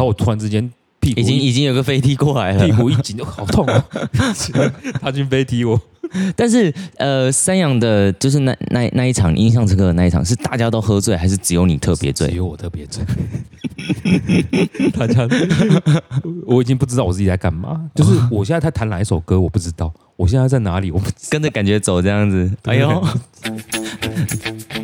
然後我突然之間屁股已經已經有個飛踢過來了，屁股一緊就好痛、啊。 他就飛踢我！但是呃，三陽的，就是那那那一場印象深刻的那一場，是大家都喝醉，還是只有你特別醉？只有我特別醉。 大家我，我已經不知道我自己在幹嘛。就是我現在在彈哪一首歌，我不知道。我現在在哪裡，我不跟着感覺走這樣子。哎呦！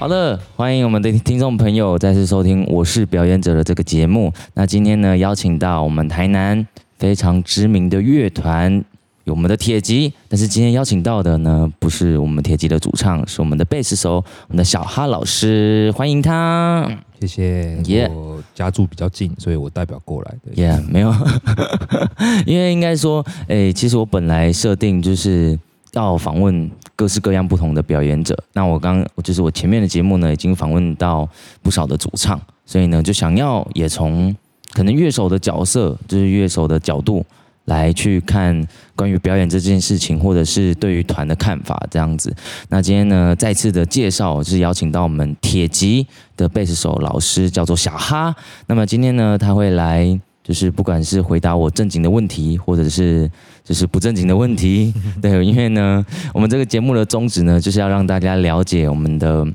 好的，歡迎我們的聽眾朋友再次收聽我是表演者的這個節目。那今天呢，邀請到我們台南非常知名的樂團，有我們的鐵擊。但是今天邀請到的呢，不是我們鐵擊的主唱，是我們的貝斯手，我們的小哈老師。歡迎他，謝謝。Yeah 我家住比較近，所以我代表過來的。也、yeah, 沒有， 因為應該說，哎、欸，其實我本來設定就是要訪問。各式各樣不同的表演者。那我剛就是我前面的節目呢，已經訪問到不少的主唱，所以呢，就想要也從可能樂手的角色，就是樂手的角度來去看關於表演這件事情，或者是對於團的看法這樣子。那今天呢，再次的介紹就是邀請到我們鐵擊的貝斯手老師，叫做小哈。那麼今天呢，他會來就是不管是回答我正經的問題，或者是。就是不正經的問題，對，因為呢，我們這個節目的宗旨呢，就是要讓大家了解我們的，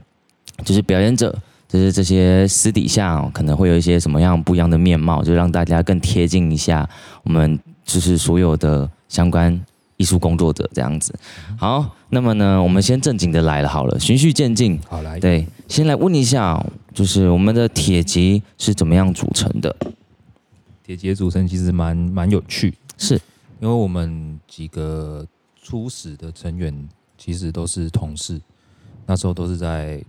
就是表演者，就是這些私底下、哦、可能會有一些什麼樣不一樣的面貌，就讓大家更貼近一下我們，就是所有的相關藝術工作者這樣子。好，那麼呢，我們先正經的來了，好了，循序漸進，好來，對，先來問一下，就是我們的鐵擊是怎麼樣組成的？鐵擊組成其實蠻蠻有趣，是。因為我們幾個初始的成員其實都是同事，那時候都是在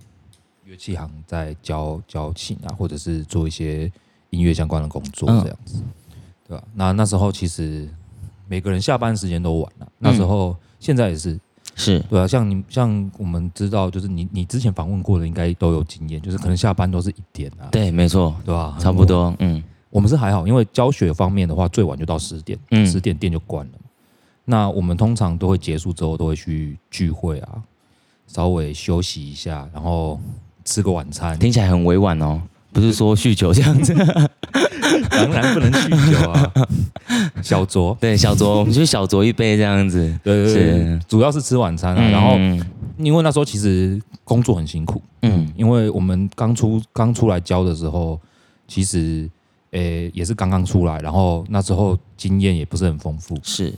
樂器行在教教琴啊，或者是做一些音樂相關的工作這樣子，哦、對吧？那那時候其實每個人下班時間都晚了，嗯、那時候現在也是，是對啊。像你像我們知道，就是你你之前訪問過的應該都有經驗，就是可能下班都是一點啊，對，沒錯，對吧？差不多，多嗯。我們是還好，因為教學方面的話，最晚就到十點，十點店就關了。嗯、那我們通常都會結束之後，都會去聚會啊，稍微休息一下，然後吃個晚餐。聽起來很委婉哦，不是說酗酒這樣子，當然 不能酗酒啊。小酌，對小酌，我們就小酌一杯這樣子。對對對，是主要是吃晚餐啊。然後、嗯、因為那時候其實工作很辛苦，嗯，嗯，因為我們剛出剛出來教的時候，其實。誒，也是剛剛出來，然後那時候經驗也不是很豐富，是，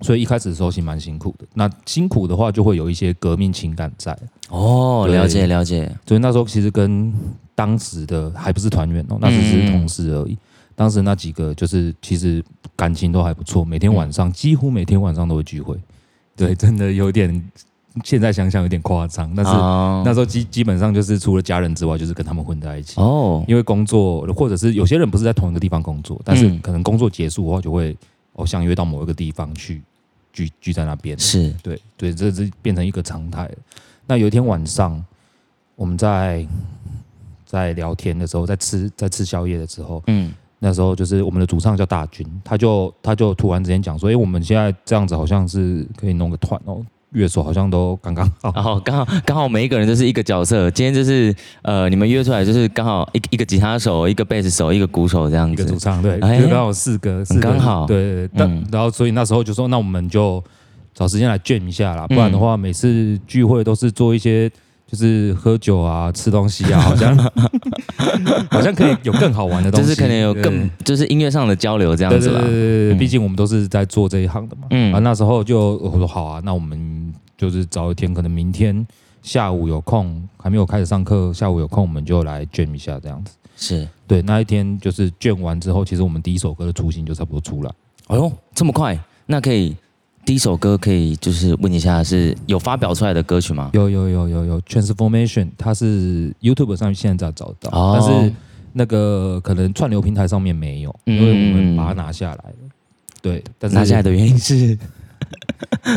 所以一開始的時候是蠻辛苦的。那辛苦的話，就會有一些革命情感在。哦對了，了解了解。所以那時候其實跟當時的還不是團員哦，那只是同事而已。嗯、當時那幾個就是其實感情都還不錯，每天晚上、嗯、幾乎每天晚上都會聚會。對，真的有點。現在想想有點誇張，但是、oh. 那時候基基本上就是除了家人之外，就是跟他們混在一起哦。Oh. 因為工作或者是有些人不是在同一個地方工作，但是可能工作結束的話就會相、嗯哦、約到某一個地方去聚聚在那邊。是對，對，所以這變成一個常態。那有一天晚上，我們在在聊天的時候，在吃在吃宵夜的時候，嗯，那時候就是我們的主唱叫大軍，他就他就突然之間講說：“以、欸、我們現在這樣子好像是可以弄個團哦。”樂手好像都剛剛好、哦哦，剛好剛好每一個人都是一個角色。今天就是呃，你們約出來就是剛好一一個吉他手、一個貝斯手、一個鼓手這樣子，一個主唱對，哎，就剛好四個，剛好，四個對，嗯。然後所以那時候就說，那我們就找時間來 jam 一下啦，不然的話每次聚會都是做一些就是喝酒啊、吃東西啊，好像 好像可以有更好玩的東西，就是可能有更對就是音樂上的交流這樣子啦。畢竟我們都是在做這一行的嘛。嗯、啊，那時候就我說好啊，那我們。就是早一天，可能明天下午有空，還沒有開始上課，下午有空我們就來 jam 一下，這樣子是對。那一天就是 jam 完之後，其實我們第一首歌的雛形就差不多出來。哎呦，這麼快？那可以第一首歌可以就是問一下，是有發表出來的歌曲嗎？有有有有有，Transformation 它是 YouTube 上現在，在找得到，哦、但是那個可能串流平台上面沒有，嗯、因為我們把它拿下來了。對，但是拿下來的原因是。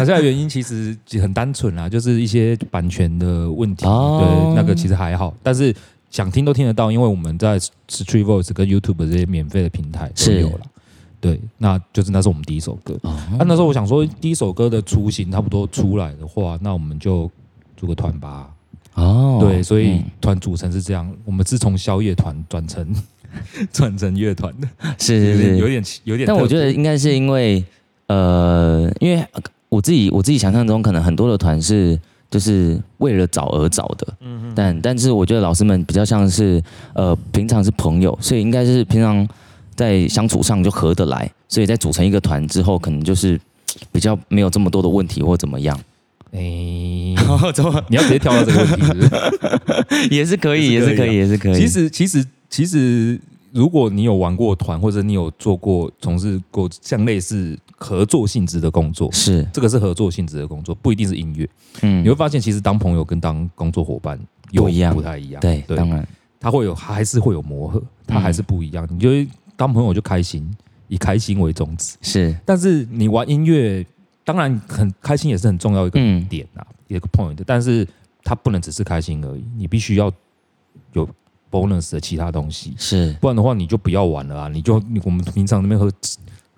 主要、 啊、原因其實很單純啦，就是一些版權的問題。Oh. 對，那個其實還好，但是想聽都聽得到，因為我們在 StreetVoice 跟 YouTube 這些免費的平台有是有了。對，那就是那是我們第一首歌。Oh. 啊，那時候我想說，第一首歌的雛形差不多出來的話，那我們就組個團吧。哦，oh. 對，所以團組成是這樣。嗯、我們自從宵夜團轉成轉 成樂團的，是是是，有點有點。有點但我覺得應該是因為。呃，因為我自己我自己想象中，可能很多的團是就是為了找而找的，嗯哼但但是我覺得老師們比較像是呃，平常是朋友，所以應該是平常在相處上就合得來，所以在組成一個團之後，可能就是比較沒有這麼多的問題或怎麼樣。哎，怎麼 你要直接跳到這個問題是不是？也是可以，也是可以，也是可以。其實，其實，其實。如果你有玩過團，或者你有做過、從事過像類似合作性質的工作，是這個是合作性質的工作，不一定是音樂。嗯，你會發現，其實當朋友跟當工作伙伴有一樣，不太一樣。對，當然對、嗯、他會有，還是會有磨合，他還是不一樣。嗯、你覺得當朋友就開心，以開心為宗旨是。但是你玩音樂，當然很開心也是很重要一個一點啊，嗯、一個 point。但是它不能只是開心而已，你必須要有。bonus 的其他東西是，不然的話你就不要玩了啊！你就你我們平常那邊喝，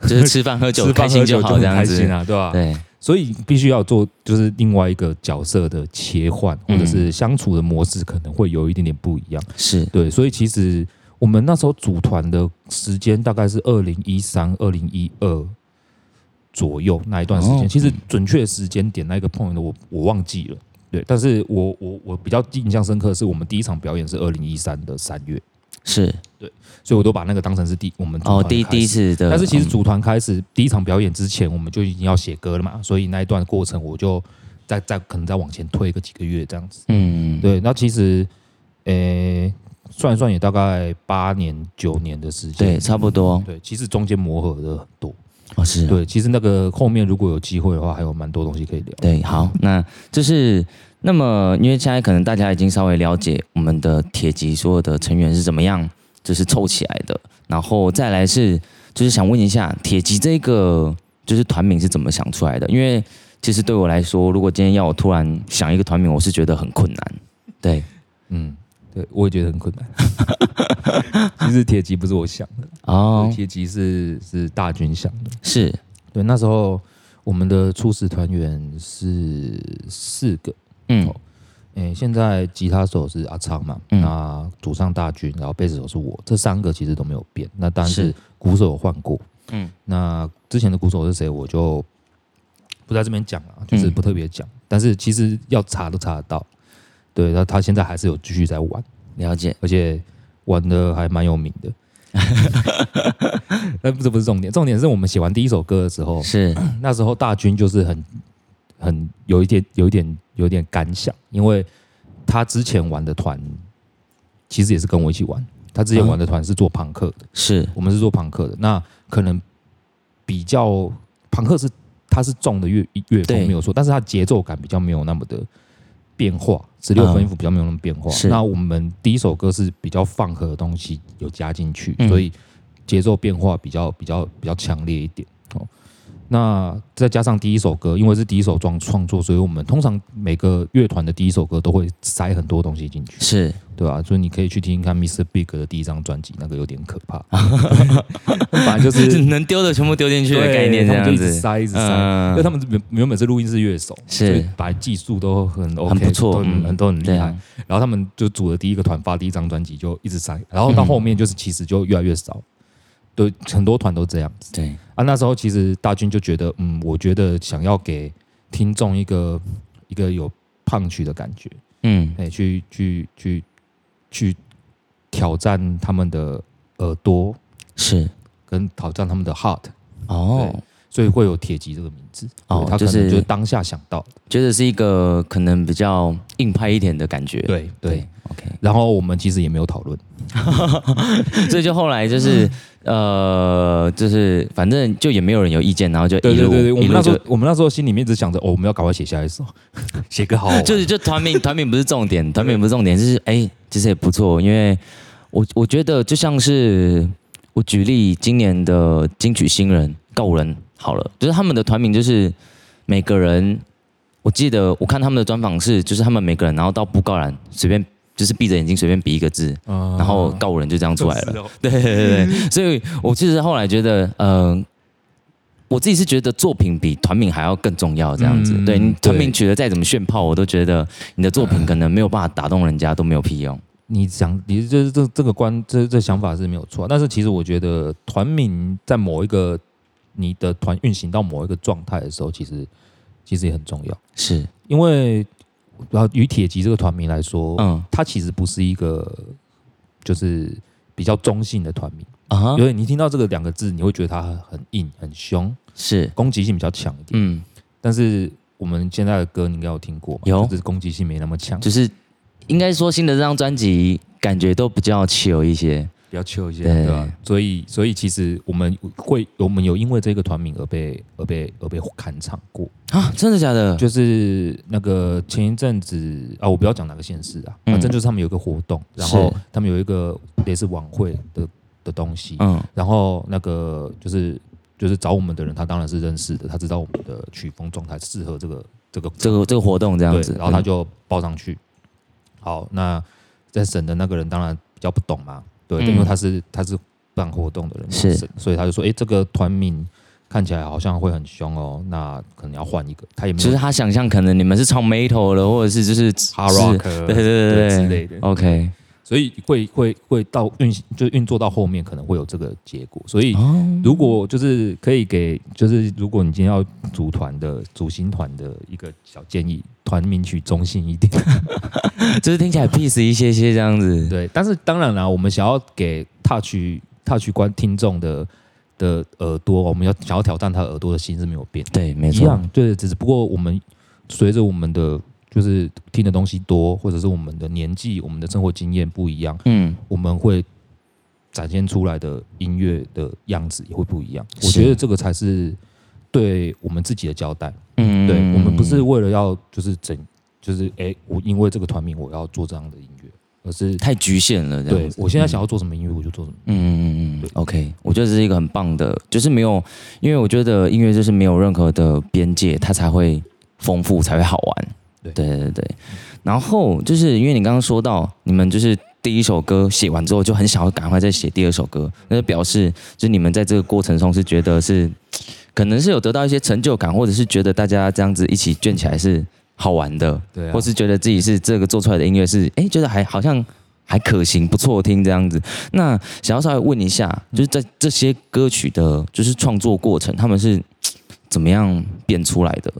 就是吃飯喝酒，開心就好，這樣子，開心啊，對吧、啊？對，所以必須要做，就是另外一個角色的切換，嗯、或者是相處的模式可能會有一點點不一樣。是對，所以其實我們那時候組團的時間大概是二零一三、二零一二左右那一段時間，哦嗯、其實準確時間點那個 point 的我我忘記了。對，但是我我我比較印象深刻，是我們第一場表演是二零一三的三月，是對，所以我都把那個當成是第我們哦第第一次，對。但是其實組團開始、嗯、第一場表演之前，我們就已經要寫歌了嘛，所以那一段過程我就再再可能再往前推個幾個月這樣子。嗯，對，那其實誒、欸、算一算也大概八年九年的時間，對，差不多。對，其實中間磨合了很多。哦、啊，是對，其實那個後面如果有機會的話，還有蠻多東西可以聊。對，好，那就是那麼，因為現在可能大家已經稍微了解我們的鐵擊所有的成員是怎麼樣，就是湊起來的。然後再來是，就是想問一下鐵擊這個就是團名是怎麼想出來的？因為其實對我來說，如果今天要我突然想一個團名，我是覺得很困難。對，嗯。對，我也覺得很困難。 其實鐵擊不是我想的哦，鐵擊，oh. 是是大軍想的。是對，那時候我們的初始團員是四個，嗯，誒、喔欸，現在吉他手是阿昌嘛，嗯、那主唱大軍，然後貝斯手是我，這三個其實都沒有變。那當然是鼓手有換過，嗯是，那之前的鼓手是誰，我就不在這邊講了，就是不特別講。嗯、但是其實要查都查得到。對，他他現在還是有繼續在玩，了解，而且玩的還蠻有名的。那 這 不是重點，重點是我們寫完第一首歌的時候，是、嗯、那時候大軍就是很很有一點有一點有一點感想，因為他之前玩的團其實也是跟我一起玩，他之前玩的團是做朋克的，嗯、是我們是做朋克的，那可能比較朋克是他是重的樂樂風對沒有錯，但是他節奏感比較沒有那麼的。變化，十六分音符比較沒有那麼變化，嗯、那我們第一首歌是比較 funk 的東西有加進去，嗯、所以節奏變化比較比較比較強烈一點哦。那再加上第一首歌，因為是第一首創作，所以我們通常每個樂團的第一首歌都會塞很多東西進去，是對吧、啊？所以你可以去聽聽看 Mr. Big 的第一張專輯，那個有點可怕，哈哈哈，把就是能丟的全部丟進去的概念，這樣子塞一直塞。直塞嗯、因為他們原原本是錄音室樂手，是，把技術都很 OK，很不錯很、嗯，都很都很厲害。啊、然後他們就組了第一個團，發第一張專輯就一直塞，然後到後面就是、嗯、其實就越來越少。對，很多團都這樣子。對啊，那時候其實大軍就覺得，嗯，我覺得想要給聽眾一個一個有 punch 的感覺，嗯，哎、欸，去去去去挑戰他們的耳朵，是跟挑戰他們的 heart 哦，所以會有鐵擊這個名字哦，他就是就當下想到，覺得是一個可能比較硬派一點的感覺，對對，對，OK。然後我們其實也沒有討論。哈哈， 所以就後來就是，呃，就是反正就也沒有人有意見，然後就一路。我們那時候，我們那時候心裡面一直想着，我們要趕快寫下一首，寫歌好。就是就團名，團名不是重點，團名不是重點，就是哎、欸，其實也不錯，因為我我覺得就像是我舉例，今年的金曲新人告五人好了，就是他們的團名就是每個人，我記得我看他們的專訪是，就是他們每個人，然後到布告欄隨便。就是閉着眼睛隨便比一個字，啊、然後告五人就這樣出來了。哦、對對對對，所以我其實後來覺得，嗯、呃，我自己是覺得作品比團名還要更重要。這樣子，嗯、對你團名取得再怎麼炫炮，對我都覺得你的作品可能沒有辦法打動人家，啊、都沒有屁用。你想，你這這這個觀，這這想法是沒有錯。但是其實我覺得團名在某一個你的團運行到某一個狀態的時候，其實其實也很重要。是因為。然後，於鐵擊這個團名來說，嗯，它其實不是一個就是比較中性的團名，因為、啊、哈你聽到這個兩個字，你會覺得它很硬、很兇，是攻擊性比較強一點。嗯，但是我們現在的歌，你應該有聽過，有，只是攻擊性沒那麼強，就是應該說新的這張專輯感覺都比較糗一些。比較秋一些對，對吧？所以，所以其實我們會，我們有因為這個團名而被而被而被砍場過啊！嗎真的假的？就是那個前一陣子啊，我不要講哪個縣市啊，反、嗯啊、正就是他們有個活動，然後他們有一個是也是晚會的的東西。嗯，然後那個就是就是找我們的人，他當然是認識的，他知道我們的曲風狀態適合這個這個這個這個活動這樣子，然後他就報上去。嗯、好，那在審的那個人當然比較不懂嘛。對，對，嗯，因為他是他是辦活動的人，是，所以他就說，誒，這個團名看起來好像會很兇哦，那可能要換一個。他其實他想象可能你們是 tomato 的，或者是就是，是 hard rock，、er, 對對對對，之類的。OK。所以會會會到運就運作到後面可能會有這個結果，所以如果就是可以給就是如果你今天要組團的組新團的一個小建議，團名取中性一點， 就是聽起來 peace 一些些這樣子。 對，但是當然啦，我們想要給 touch touch 觀聽眾的的耳朵，我們要想要挑戰他耳朵的心是沒有變，對，沒錯，對，就是、只是不過我們隨着我們的。就是聽的東西多，或者是我們的年紀、我們的生活經驗不一樣，嗯，我們會展現出來的音樂的樣子也會不一樣。是我覺得這個才是對我們自己的交代。嗯，對，我們不是為了要就是整，就是哎、欸，我因為這個團名我要做這樣的音樂，而是太局限了這樣。對，我現在想要做什麼音樂，嗯、我就做什麼。嗯嗯嗯，對，OK，我覺得這是一個很棒的，就是沒有，因為我覺得音樂就是沒有任何的邊界，它才會豐富，才會好玩。對，對對對，然後就是因為你剛剛說到，你們就是第一首歌寫完之後就很想要趕快再寫第二首歌，那就表示就是你們在這個過程中是覺得是，可能是有得到一些成就感，或者是覺得大家這樣子一起卷起來是好玩的，對啊，或是覺得自己是這個做出來的音樂是，哎，覺得還好像還可行，不錯聽這樣子。那想要稍微問一下，就是在這些歌曲的，就是創作過程，他們是怎麼樣變出來的？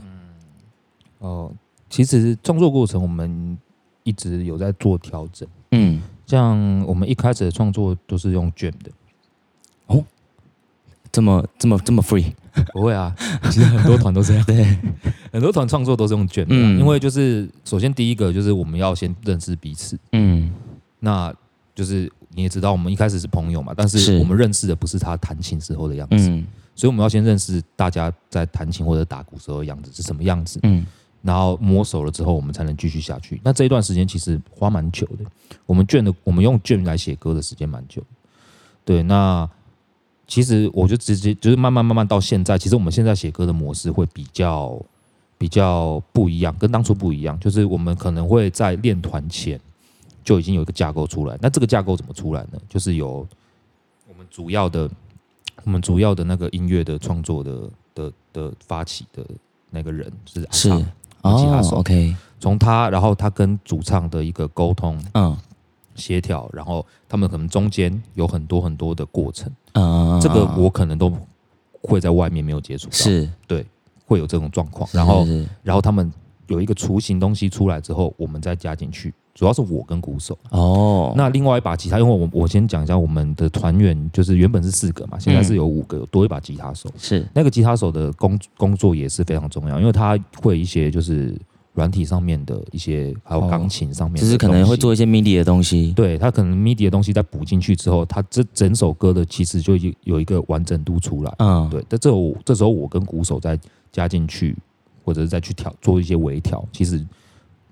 嗯，哦。其實創作過程，我們一直有在做調整。嗯，像我們一開始的創作都是用 jam 的。哦，這麼這麼這麼 free？不會啊，其實很多團都這樣。 對，很多團創作都是用 jam、啊、的、嗯。因為就是首先第一個就是我們要先認識彼此。嗯，那就是你也知道，我們一開始是朋友嘛，但是我們認識的不是他彈琴時候的樣子。嗯是，所以我們要先認識大家在彈琴或者打鼓時候的樣子是什麼樣子。嗯。然後磨熟了之後，我們才能繼續下去。那這一段時間其實花蠻久的。我們捲的，我們用捲來寫歌的時間蠻久。對，那其實我就直接就是慢慢慢慢到現在，其實我們現在寫歌的模式會比較比較不一樣，跟當初不一樣。就是我們可能會在練團前就已經有一個架構出來。那這個架構怎麼出來呢？就是有我們主要的，我們主要的那個音樂的創作的的的發起的那個人，就是 Icon，是。哦、oh，OK，從他，然後他跟主唱的一個溝通、協調，oh. 然後他們可能中間有很多很多的過程，嗯，oh. 這個我可能都會在外面沒有接觸到，是，對，會有這種狀況，是是是，然後，然後他們。有一個雛形東西出來之後，我們再加進去。主要是我跟鼓手哦。那另外一把吉他，因為我我先講一下我們的團員，就是原本是四個嘛，現在是有五個，嗯、有多一把吉他手。是那個吉他手的工工作，也是非常重要，因為他會一些就是軟體上面的一些，還有鋼琴上面，其、哦、是可能會做一些 MIDI 的東西。對，他可能 MIDI 的東西再補進去之後，他這整首歌的其實就有一個完整度出來。嗯、哦，對。但這我這時候我跟鼓手再加進去。或者是再去調做一些微調，其實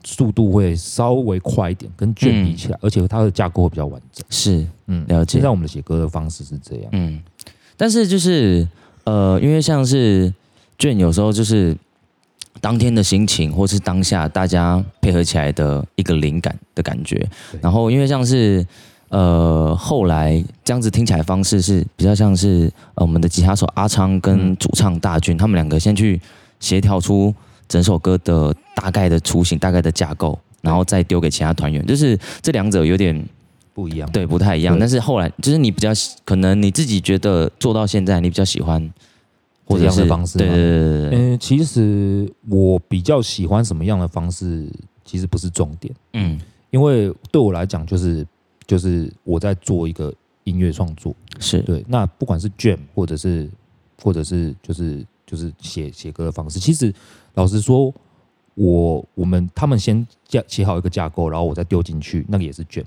速度會稍微快一點，跟卷比起來，嗯、而且它的架構會比較完整。是，嗯，呃，了解，接下來我們寫歌的方式是這樣，嗯，但是就是呃，因為像是卷有時候就是當天的心情，或是當下大家配合起來的一個靈感的感覺。對然後因為像是呃後來這樣子聽起來的方式是比較像是呃我們的吉他手阿昌跟主唱大俊，嗯、他們兩個先去。協調出整首歌的大概的雛形，大概的架構，然後再丟給其他團員，對就是這兩者有點不一樣，對，不太一樣。對但是後來，就是你比較喜，可能你自己覺得做到現在，你比較喜歡、就是、或者什麼樣的方式？對對對,對,對,對、欸、其實我比較喜歡什麼樣的方式，其實不是重點。嗯，因為對我來講，就是就是我在做一個音樂創作，是對。那不管是 Jam 或者是或者是就是。就是寫寫歌的方式。其實，老實說，我我們他們先架寫好一個架構，然後我再丟進去，那個也是卷。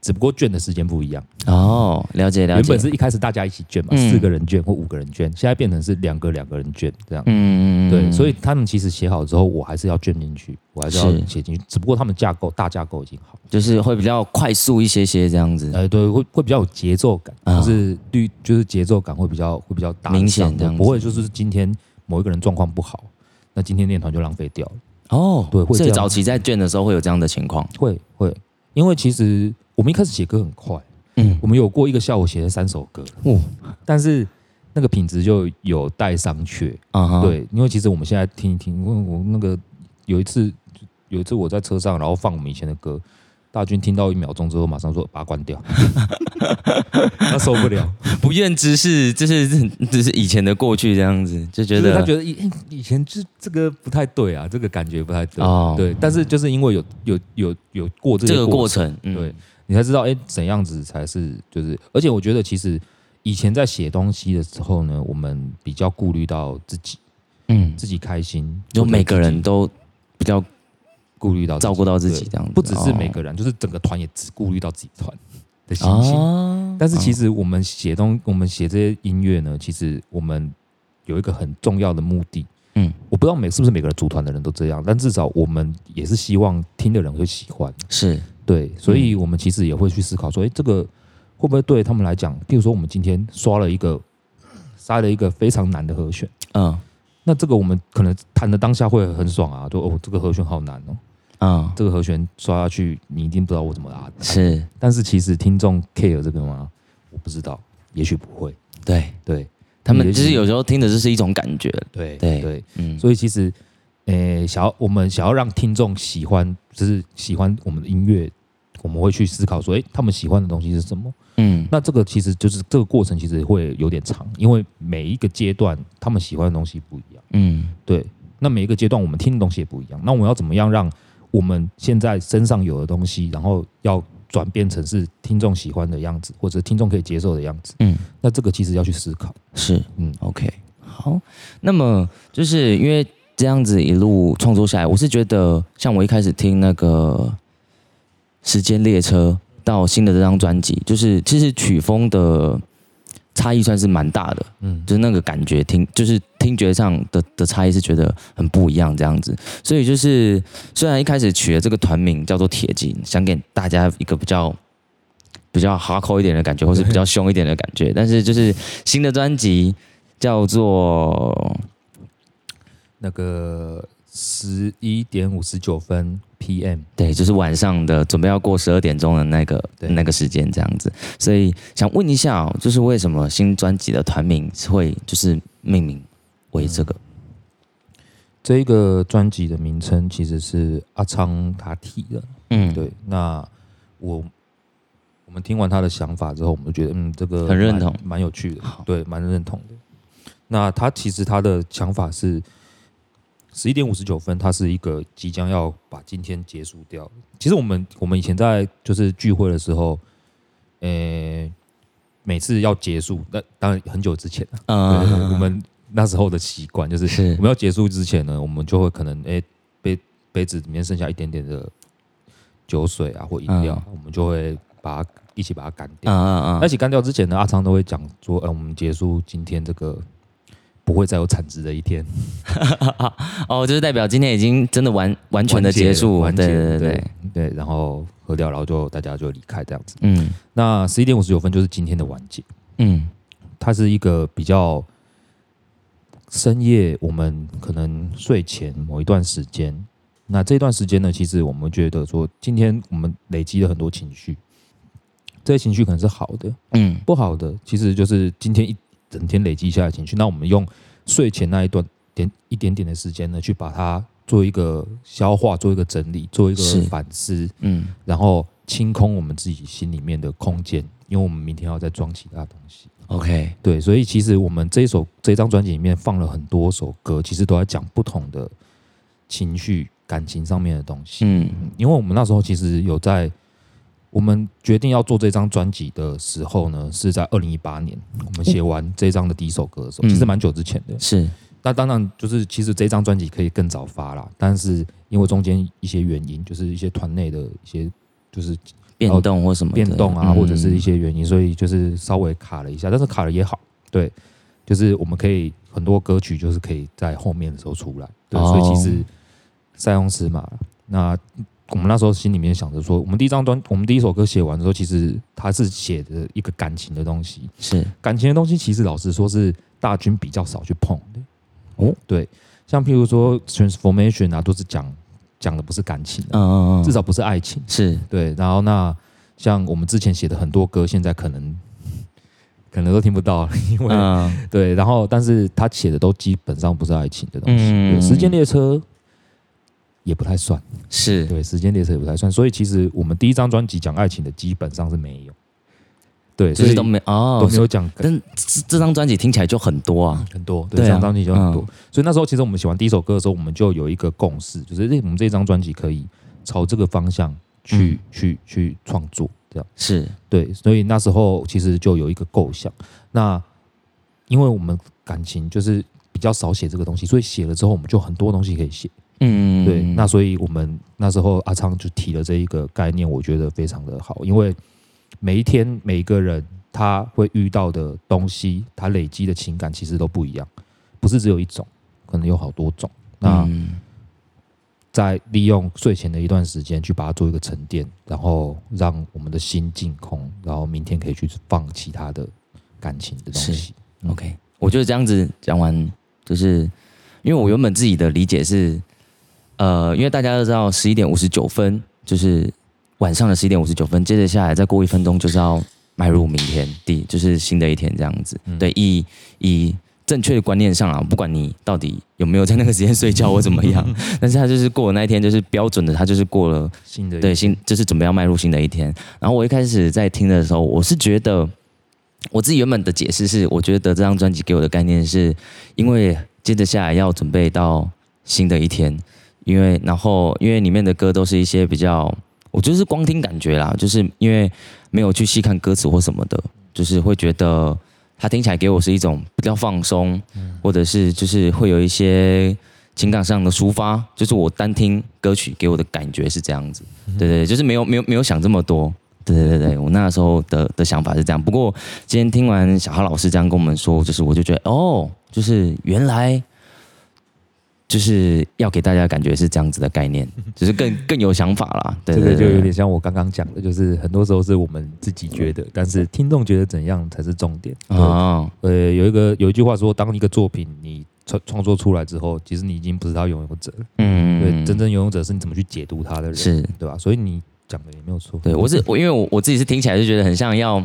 只不過捲的時間不一樣哦，了解了解。原本是一開始大家一起捲嘛，四、嗯、個人捲或五個人捲，現在變成是兩個兩個人捲這樣。嗯嗯對，所以他們其實寫好之後，我還是要捲進去，我還是要寫進去。是只不過他們架構大架構已經好，就是會比較快速一些些這樣子。哎、呃，對，會會比較有節奏感，就、哦、是對，就是節奏感會比較會比較大明顯這樣，不會就是今天某一個人狀況不好，那今天練團就浪費掉了。哦，對，會所以早期在捲的時候會有這樣的情況，會會，因為其實。我們一開始寫歌很快，嗯，我們有過一個下午寫了三首歌，哦，但是那個品質就有待商榷啊。對，因為其實我們現在聽一聽，因為我那個有一次，有一次我在車上，然後放我們以前的歌，大軍聽到一秒鐘之後，馬上說把它關掉，他受不了，不願直視，這是只是以前的過去這樣子，就覺得他覺得以以前這這歌不太對啊，這個感覺不太對，對。但是就是因為有有有有過這個過程，對。你才知道，哎，怎樣子才是就是。而且我覺得，其實以前在寫東西的時候呢，我們比較顧慮到自己，嗯，自己開心，就每個人都比較顧慮到、照顧到自己對這樣。不只是每個人，哦、就是整個團也只顧慮到自己團的心情。哦、但是其實我們寫東，哦、我們寫這些音樂呢，其實我們有一個很重要的目的。嗯，我不知道每是不是每個人組團的人都這樣，但至少我們也是希望聽的人會喜歡。是。對，所以我們其實也會去思考說，哎，這個會不會對他們來講？比如說，我們今天刷了一個，塞了一個非常難的和絃，嗯，那這個我們可能彈的當下會很爽啊，就哦，這個和絃好難哦，嗯，嗯這個和絃刷下去，你一定不知道我怎麼拉的。是，但是其實聽眾 care 這個嗎？我不知道，也許不會。對對，他們其實有時候聽的就是一種感覺。對對對，對對對嗯，所以其實。誒、欸，想要我們想要讓聽眾喜歡，就是喜歡我們的音樂，我們會去思考說，哎、欸，他們喜歡的東西是什麼？嗯，那這個其實就是這個過程，其實會有點長，因為每一個階段他們喜歡的東西不一樣。嗯，對。那每一個階段我們聽的東西也不一樣。那我們要怎麼樣讓我們現在身上有的東西，然後要轉變成是聽眾喜歡的樣子，或者聽眾可以接受的樣子？嗯，那這個其實要去思考。是，嗯，OK，好。那麼就是因為。這樣子一路創作下來，我是覺得像我一開始聽那個《時間列車》到新的這張專輯，就是其實曲風的差異算是蠻大的，嗯，就是那個感覺聽就是聽覺上的的差異是覺得很不一樣這樣子。所以就是雖然一開始取了這個團名叫做鐵擊，想給大家一個比較比較 hardcore 一點的感覺，或是比較兇一點的感覺，對但是就是新的專輯叫做。那個十一點五十九分 PM，對，就是晚上的準備要過十二點鐘的那個對那個時間這樣子，所以想問一下哦，就是為什麼新專輯的團名會就是命名為這個？嗯、這一個專輯的名稱其實是阿昌他提的，嗯，對。那我我們聽完他的想法之後，我們就覺得嗯，這個很認同，蠻有趣的，好對，蠻認同的。那他其實他的想法是。十一點五十九分，它是一個即將要把今天結束掉。其實我們我們以前在就是聚會的時候，欸、每次要結束，那當然很久之前、uh uh. 對對對，我們那時候的習慣就是，我們要結束之前呢，是我們就會可能哎、欸，杯杯子裡面剩下一點點的酒水啊或飲料，uh uh. 我們就會把它一起把它幹掉。嗯嗯嗯，uh. 那一起幹掉之前呢，阿昌都會講說，嗯、欸，我們結束今天這個。不會再有產值的一天， 哦，就是代表今天已經真的完完全的結束，完結完結對對對對，對，對，然後喝掉，然後就大家就離開這樣子。嗯，那十一點五十九分就是今天的完結。嗯，它是一個比較深夜，我們可能睡前某一段時間。那這段時間呢，其實我們覺得說，今天我們累積了很多情緒，這些情緒可能是好的，嗯，不好的，其實就是今天一。整天累積下來情緒，那我們用睡前那一段點一點點的時間呢，去把它做一個消化，做一個整理，做一個反思，嗯，然後清空我們自己心裡面的空間，因為我們明天要再裝其他東西。OK，對，所以其實我們這一首這一張專輯裡面放了很多首歌，其實都在講不同的情緒、感情上面的東西。嗯，嗯，因為我們那時候其實有在。我們決定要做這張專輯的時候呢，是在二零一八年。我們寫完這張的第一首歌的時候，嗯、其實蠻久之前的。是，那當然就是其實這張專輯可以更早發啦，但是因為中間一些原因，就是一些團內的一些就是變動或什麼變動啊，或者是一些原因，嗯、所以就是稍微卡了一下。但是卡了也好，對，就是我們可以很多歌曲就是可以在後面的時候出來。對，哦、所以其實塞翁失馬，那。我們那時候心裡面想着說，我們第一張專，我們第一首歌寫完的時候，其實它是寫的一個感情的東西。是感情的東西，其實老實說是大軍比較少去碰的。哦，對，像譬如說《Transformation》啊，都是講講的不是感情，至少不是愛情。是對，然後那像我們之前寫的很多歌，現在可能可能都聽不到，因為對，然後但是他寫的都基本上不是愛情的東西，《時間列車》。也不太算，是，對，時間列車也不太算，所以其實我們第一張專輯講愛情的基本上是沒有，對，就是、所以都沒。哦，都沒有講，但這張專輯聽起來就很多啊，嗯、很多，對，對啊，這張專輯就很多，嗯，所以那時候其實我們寫完第一首歌的時候，我們就有一個共識，就是我們這張專輯可以朝這個方向去、嗯、去去創作，這樣是對，所以那時候其實就有一個構想，那因為我們感情就是比較少寫這個東西，所以寫了之後我們就很多東西可以寫。嗯，嗯，嗯、對，那所以我們那時候阿昌就提了這一個概念，我覺得非常的好，因為每一天每一個人他會遇到的東西，他累積的情感其實都不一樣，不是只有一種，可能有好多種。那嗯嗯嗯在利用睡前的一段時間去把它做一個沉澱，然後讓我們的心淨空，然後明天可以去放其他的感情的東西。是嗯、OK，我覺得這樣子講完，就是因為我原本自己的理解是。呃，因為大家都知道，十一點五十九分，就是晚上的十一點五十九分。接着下來，再過一分鐘就是要邁入明天，第就是新的一天這樣子。嗯、對，以以正確的觀念上啊，不管你到底有沒有在那個時間睡覺或怎麼樣， 但是他就是過了那一天，就是標準的，他就是過了新的對新，就是準備要邁入新的一天。然後我一開始在聽的時候，我是覺得我自己原本的解釋是，我覺得這張專輯給我的概念是，因為接着下來要準備到新的一天。因為然後，因為裡面的歌都是一些比較，我就是光聽感覺啦，就是因為沒有去細看歌詞或什麼的，就是會覺得它聽起來給我是一種比較放鬆，嗯、或者是就是會有一些情感上的抒發，就是我單聽歌曲給我的感覺是這樣子。嗯、哼對對，就是沒有沒有沒有想這麼多。對對對對，我那時候的的想法是這樣。不過今天聽完小哈老師這樣跟我們說，就是我就覺得哦，就是原來。就是要給大家感覺是這樣子的概念，只、就是更更有想法啦。對對對對，這個就有點像我剛剛講的，就是很多時候是我們自己覺得，對但是聽眾覺得怎樣才是重點啊？呃、哦，有一個有一句話說，當一個作品你創創作出來之後，其實你已經不是它擁有者。嗯，嗯，嗯，對，真正擁有者是你怎麼去解讀它的人，是對吧？所以你。講的也沒有錯。對，對我是，我因為我我自己是聽起來就覺得很像要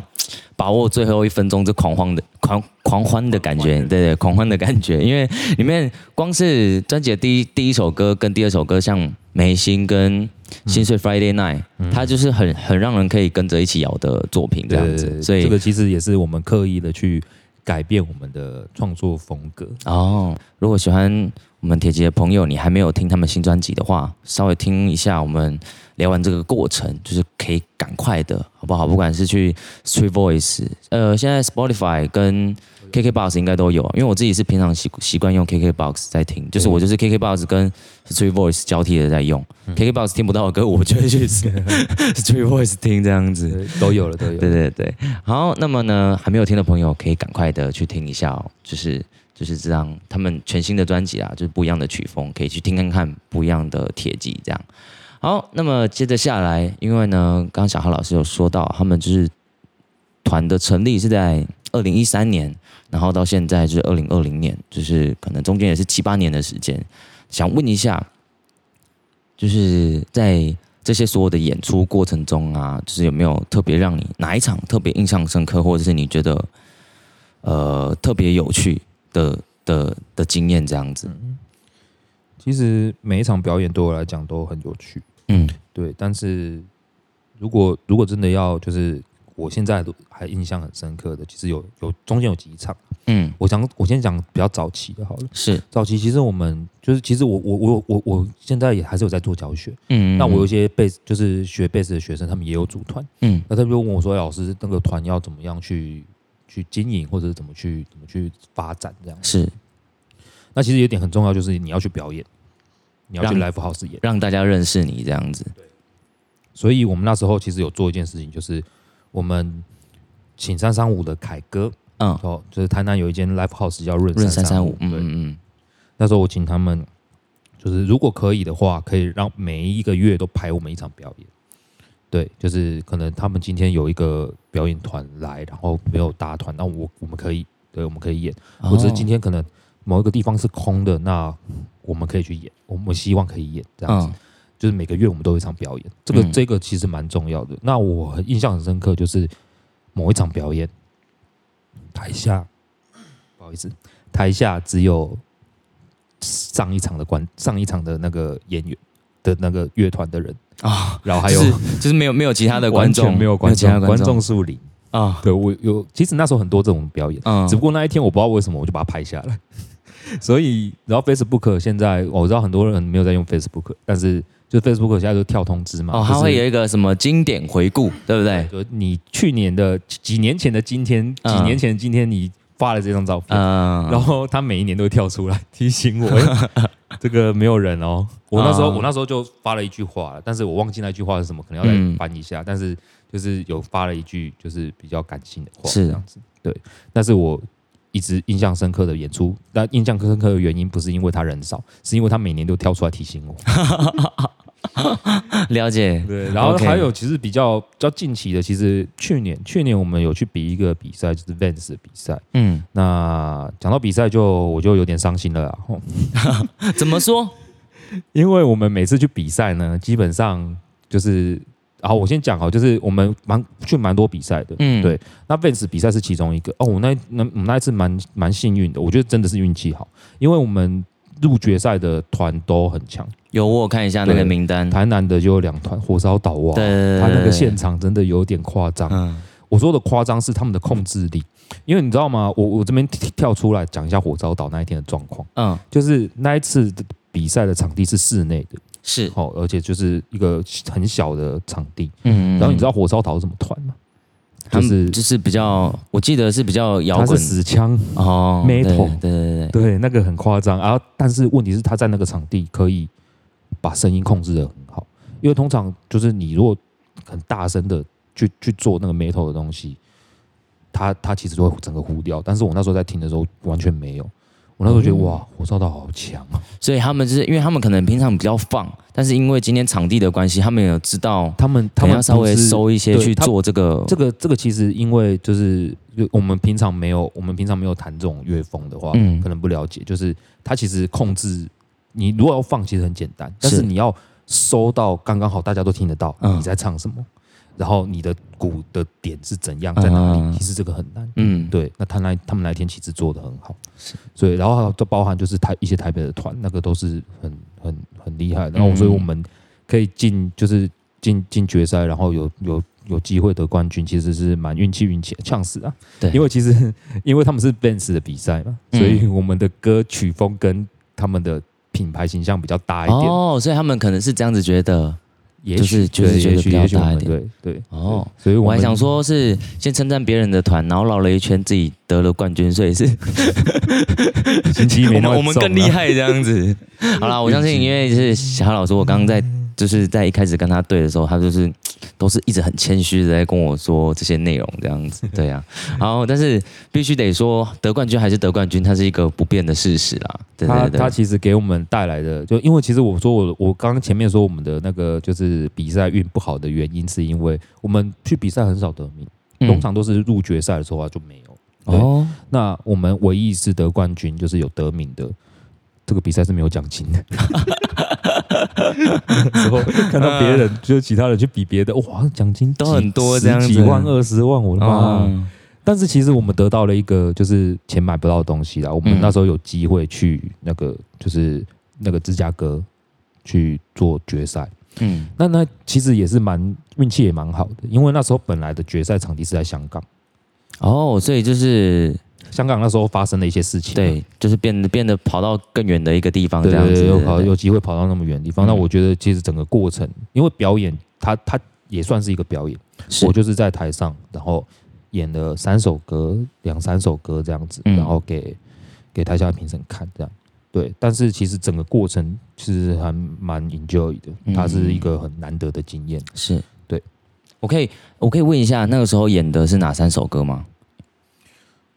把握最後一分鐘這狂歡的狂狂歡的感覺，對對，狂歡的感覺，因為裡面光是專輯的第一第一首歌跟第二首歌，像《眉心》跟《心碎 Friday Night》，嗯嗯、它就是很很讓人可以跟着一起搖的作品這樣子，對所以這個其實也是我們刻意的去改變我們的創作風格哦。如果喜歡我們鐵擊的朋友，你還沒有聽他們新專輯的話，稍微聽一下我們。聊完這個過程，就是可以趕快的，好不好？不管是去 Street Voice，呃，現在 Spotify 跟 KK Box 應該都有啊，因為我自己是平常習習慣用 KK Box 在聽，就是我就是 KK Box 跟 Street Voice 交替的在用對，KK Box 聽不到的歌，我就會去 Street Voice 聽，這樣子都有了，都有。對對對，好，那麼呢，還沒有聽的朋友可以趕快的去聽一下哦，就是就是這張他們全新的專輯啊，就是不一樣的曲風，可以去聽看看不一樣的鐵擊這樣。好，那麼接着下來，因為呢，剛小哈老師有說到，他們就是團的成立是在二零一三年，然後到現在就是二零二零年，就是可能中間也是七八年的時間。想問一下，就是在這些所有的演出過程中啊，就是有沒有特別讓你哪一場特別印象深刻，或者是你覺得呃特別有趣的的的經驗這樣子？嗯，其實每一場表演對我來講都很有趣。嗯，對，但是如果如果真的要，就是我現在還印象很深刻的，其實有有中間有幾場，嗯，我想我先講比較早期的好了，是早期，其實我們就是其實我我我我我現在也還是有在做教學，嗯，那我有一些貝斯就是學貝斯的學生，他們也有組團，嗯，那他們就問我說，老師那個團要怎麼樣去去經營或者是怎麼去怎麼去發展這樣子是，那其實有點很重要，就是你要去表演。你要去 Live House 演讓，讓大家認識你這樣子。對，所以我們那時候其實有做一件事情，就是我們請三三五的凱哥，嗯，好，就是台南有一間 Live House 叫潤潤三三五，嗯嗯，嗯對。那時候我請他們，就是如果可以的話，可以讓每一個月都排我們一場表演。對，就是可能他們今天有一個表演團來，然後沒有搭團，那我我們可以，對，我們可以演。哦、或者今天可能。某一個地方是空的，那我們可以去演，我們希望可以演這樣子，uh, 就是每個月我們都有一場表演，這個、嗯、這個其實蠻重要的。那我印象很深刻，就是某一場表演，台下不好意思，台下只有上一場的觀，上一場的那個演員的那個樂團的人啊，uh, 然後還有是就是沒有沒有其他的觀眾，沒有，觀眾沒有其他的觀眾樹林啊，對、uh, 我有，其實那時候很多這種表演，uh, 只不過那一天我不知道為什麼我就把它拍下來。所以，然後 Facebook 現在、哦、我知道很多人沒有在用 Facebook，但是就 Facebook 現在都跳通知嘛。它、哦、會有一個什麼經典回顧，對不對？就你去年的幾年前的今天，幾年前的今天你發了這張照片，嗯、然後它每一年都會跳出來提醒我、嗯哎。這個沒有人哦，我那時候、嗯、我那時候就發了一句話，但是我忘記那句話是什麼，可能要來翻一下。嗯、但是就是有發了一句，就是比較感性的話，這樣子是對。但是我。一直印象深刻的演出，但印象深刻的原因不是因為他人少，是因為他每年都跳出來提醒我。 了解，對。然後還有其實比較 Okay. 比較近期的，其實去年去年我們有去比一個比賽，就是 Vans 的比賽。嗯，那講到比賽就我就有點傷心了啦。 怎麼說？因為我們每次去比賽呢，基本上就是。好，我先講好，就是我們蠻去蠻多比賽的，嗯，對。那 Vans 比賽是其中一個哦，那那我們那一次蠻蠻幸運的，我覺得真的是運氣好，因為我們入決賽的團都很強。有，我看一下那個名單，台南的就有兩團，火燒島哇，他對那個現場真的有點誇張。嗯，我說的誇張是他們的控制力，因為你知道嗎？我我這邊跳出來講一下火燒島那一天的狀況，嗯，就是那一次比賽的場地是室內的。是，哦，而且就是一個很小的場地。嗯，嗯，嗯，然後你知道火燒島是什麼團嗎？就是、嗯、就是比較，嗯、我記得是比較搖滾，它是死腔哦，metal，對，對對，對，對，對那個很誇張。然後、啊，但是問題是他在那個場地可以把聲音控制得很好，因為通常就是你如果很大聲地去去做那個 metal 的東西，他他其實就會整個糊掉。但是我那時候在聽的時候完全沒有。我那時候覺得、嗯、哇，火燒島好強啊！所以他們就是，因為他們可能平常比較放，但是因為今天場地的關係，他們也知道，他們他們要稍微是收一些去做這個。這個這個其實因為就是就我們平常沒有，我們平常沒有彈這種樂風的話，嗯、可能不了解。就是他其實控制你如果要放其實很簡單，但是你要收到剛剛好，大家都聽得到你在唱什麼。嗯然後你的鼓的點是怎樣在哪裡？啊、其實這個很難。嗯，對。那他來，他們那天其實做的很好。是。所以，然後都包含就是台一些台北的團，那個都是很很很厲害。然後，所以我們可以進就是進進決賽，然後有有有機會得冠軍，其實是蠻運氣運氣嗆死啊。對。因為其實因為他們是 Benz 的比賽嘛，嗯、所以我們的歌曲風跟他們的品牌形象比較搭一點。哦，所以他們可能是這樣子覺得。就是覺得比較大一點，也許也許，對對哦，對對，所以我，我還想說是先稱讚別人的團，然後繞了一圈自己得了冠軍，所以是，我們、 啊、我們更厲害這樣子。 好了，我相信因為是小哈老師，我剛剛在。嗯就是在一開始跟他對的時候，他就是都是一直很謙虛的在跟我說這些內容這樣子，對啊。然後 但是必須得說得冠軍還是得冠軍，它是一個不變的事實啦。對，對，對。他，他其實給我們帶來的，就因為其實我說我我剛剛前面說我們的那個就是比賽運不好的原因，是因為我們去比賽很少得名，通常都是入決賽的時候啊就沒有。哦、嗯，那我們唯一一次得冠軍就是有得名的。這個比賽是沒有獎金的， 然後看到別人，就其他人去比別的，哇，獎金都很多，這樣子的，十幾萬二十萬，我的媽！哦、但是其實我們得到了一個就是錢買不到的東西啦。我們那時候有機會去那個、嗯、就是那個芝加哥去做決賽，嗯，那那其實也是蠻運氣也蠻好的，因為那時候本來的決賽場地是在香港，哦，所以就是。香港那時候發生的一些事情，對，就是變變得跑到更遠的一個地方，這樣子，對對對有跑對有機會跑到那麼遠的地方。嗯、那我覺得其實整個過程，因為表演，它它也算是一個表演，是我就是在台上，然後演了三首歌，兩三首歌這樣子，嗯、然後給給台下的評審看，這樣。對，但是其實整個過程其實還蠻 enjoy 的，嗯、它是一個很難得的經驗的。是對，我可以我可以問一下，那個時候演的是哪三首歌嗎？